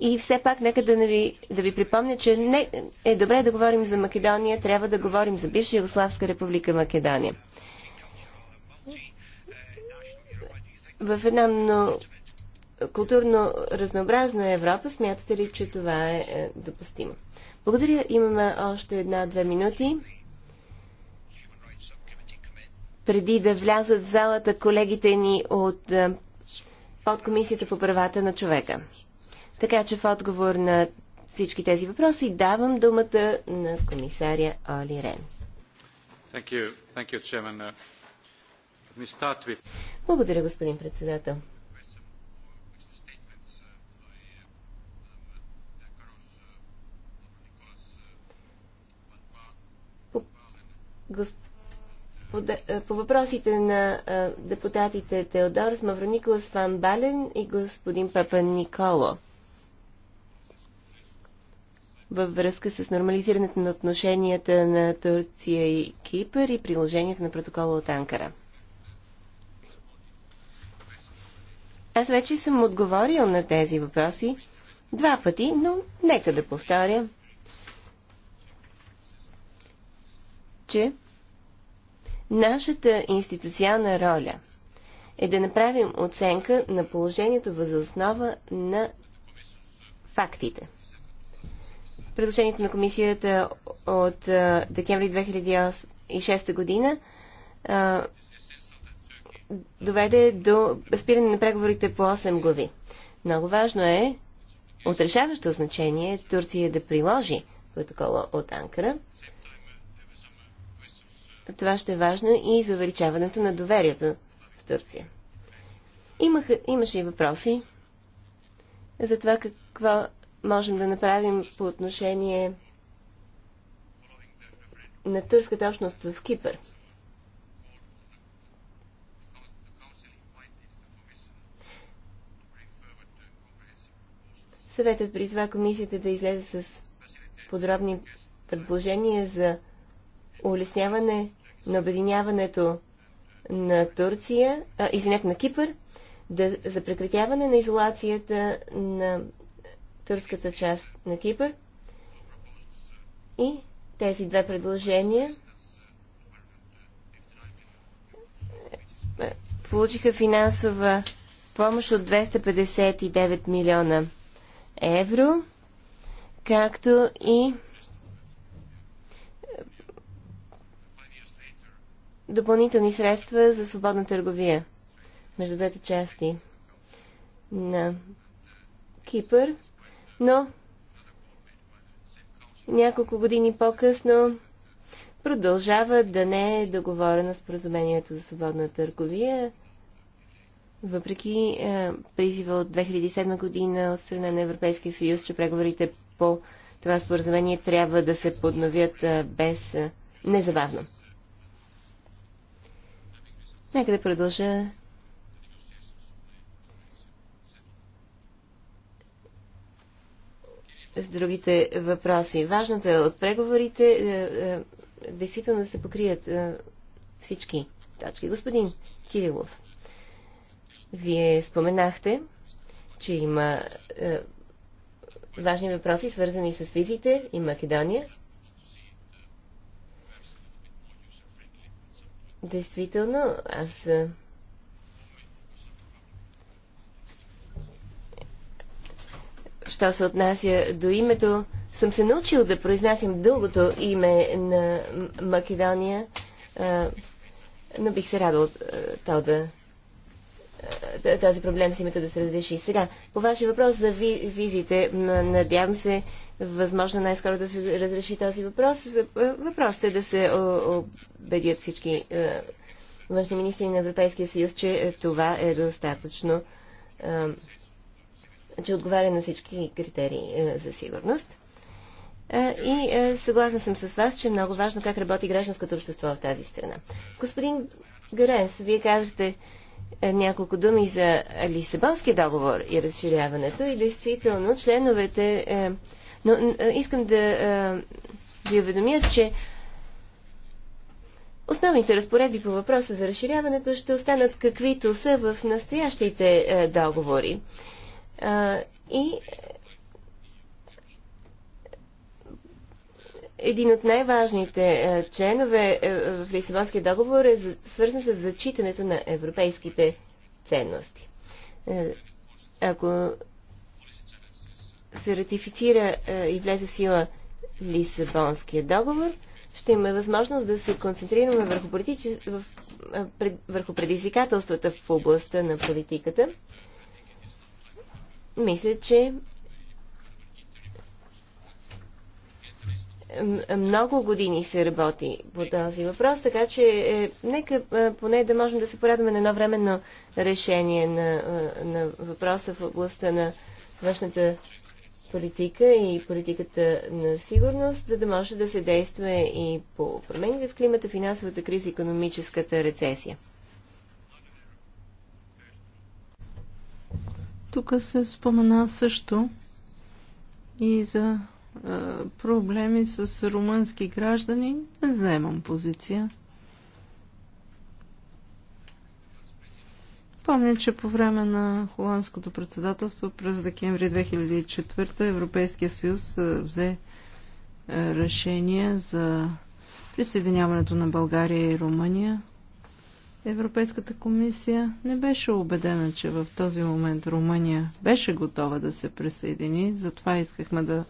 И все пак нека да ви, да ви припомня, че не е добре да говорим за Македония, трябва да говорим за бивша Югославска република Македония. В една но културно разнообразна Европа, смятате ли, че това е, е допустимо? Благодаря. Имаме още една-две минути. Преди да влязат в залата колегите ни от е, подкомисията по правата на човека. Така че в отговор на всички тези въпроси давам думата на комисаря Оли Рен. Thank you. Thank you, uh, with... Благодаря, господин председател. По, е, въпросите на е, депутатите Теодор Николас Ван Бален и господин Папа Николо във връзка с нормализирането на отношенията на Турция и Кипър и приложението на протокола от Анкара. Аз вече съм отговорил на тези въпроси два пъти, но нека да повторя, че нашата институционна роля е да направим оценка на положението възоснова на фактите – предложението на комисията от декември 2006 година доведе до спиране на преговорите по 8 глави. Много важно е, от решаващо значение, Турция да приложи протокола от Анкара. Това ще е важно и за увеличаването на доверието в Турция. Имаха, имаше и въпроси за това какво можем да направим по отношение на турската общност в Кипър. Съветът призва комисията да излезе с подробни предложения за улесняване на обединяването на Турция, а, извинете, на Кипър, да, за прекратяване на изолацията на турската част на Кипър. И тези две предложения е, получиха финансова помощ от 259 милиона евро, както и е, допълнителни средства за свободна търговия между двете части на Кипър но няколко години по-късно продължава да не е договорено споразумението за свободна търговия, въпреки е, призива от 2007 година от страна на Европейския съюз, че преговорите по това споразумение трябва да се подновят е, без е, незабавно. Нека да продължа с другите въпроси. Важното е от преговорите е, е, действително да се покрият е, всички точки. Господин Кирилов, вие споменахте, че има е, важни въпроси, свързани с визите и Македония. Действително, аз е, що се отнася до името, съм се научил да произнасям дългото име на Македония, но бих се радвал то да този проблем с името да се разреши. Сега, по вашия въпрос за визите, надявам се, възможно най-скоро да се разреши този въпрос. Въпросът е да се убедят всички външни министри на Европейския съюз, че това е достатъчно че отговаря на всички критерии е, за сигурност. Е, и е, съгласна съм с вас, че е много важно как работи гражданското общество в тази страна. Господин Геренс, вие казахте няколко думи за Лисабонския договор и разширяването и действително членовете... Но искам да ви уведомя, че Основните разпоредби по въпроса за разширяването ще останат каквито са в настоящите договори и един от най-важните членове е, в Лисабонския договор е свързан с зачитането на европейските ценности. Е, ако се ратифицира е, и влезе в сила Лисабонския договор, ще има възможност да се концентрираме върху, политичес... върху предизвикателствата в областта на политиката мисля, че много години се работи по този въпрос, така че е, нека е, поне да можем да се порадваме на едно временно решение на, е, на въпроса в областта на външната политика и политиката на сигурност, за да може да се действа и по промените в климата, финансовата криза, економическата рецесия. Тук се спомена също и за е, проблеми с румънски граждани. Не заемам позиция. Помня, че по време на холандското председателство през декември 2004 Европейския съюз взе решение за присъединяването на България и Румъния Европейската комисия не беше убедена, че в този момент Румъния беше готова да се присъедини, затова искахме да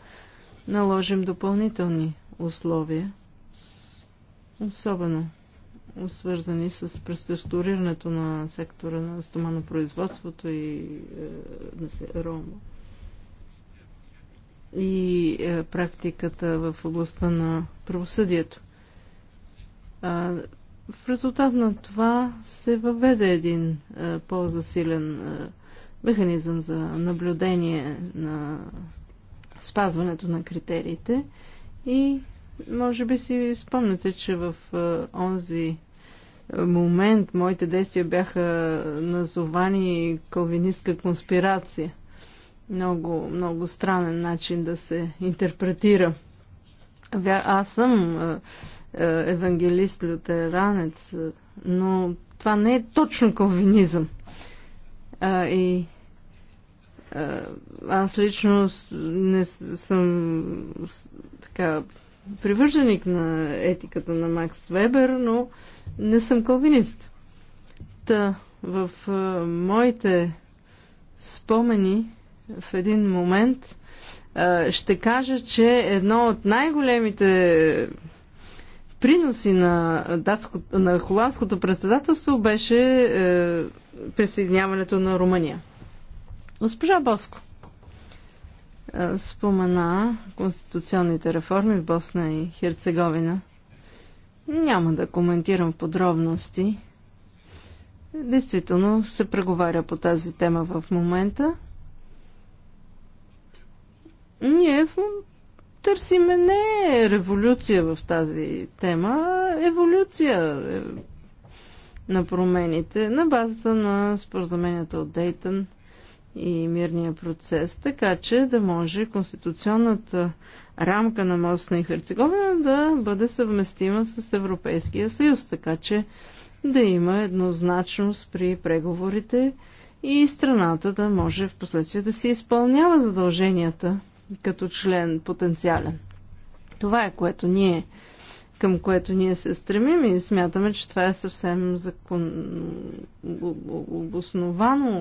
наложим допълнителни условия, особено свързани с преструктурирането на сектора на стоманопроизводството и е, рома. И е, практиката в областта на правосъдието. А, в резултат на това се въведе един е, по-засилен е, механизъм за наблюдение на спазването на критериите и може би си спомняте, че в е, онзи момент моите действия бяха назовани калвинистка конспирация. Много, много странен начин да се интерпретира. Аз съм е, евангелист, лютеранец, е, но това не е точно калвинизъм. А, и а, аз лично не съм така привърженик на етиката на Макс Вебер, но не съм калвинист. Та в а, моите спомени в един момент а, ще кажа, че едно от най-големите приноси на, датско, на холандското председателство беше е, присъединяването на Румъния. Госпожа Боско е, спомена конституционните реформи в Босна и Херцеговина. Няма да коментирам подробности. Действително се преговаря по тази тема в момента. Ние търсиме не революция в тази тема, еволюция на промените на базата на споразуменията от Дейтън и мирния процес, така че да може конституционната рамка на Мосна и Херцеговина да бъде съвместима с Европейския съюз, така че да има еднозначност при преговорите и страната да може в последствие да си изпълнява задълженията като член потенциален. Това е което ние, към което ние се стремим и смятаме, че това е съвсем закон... обосновано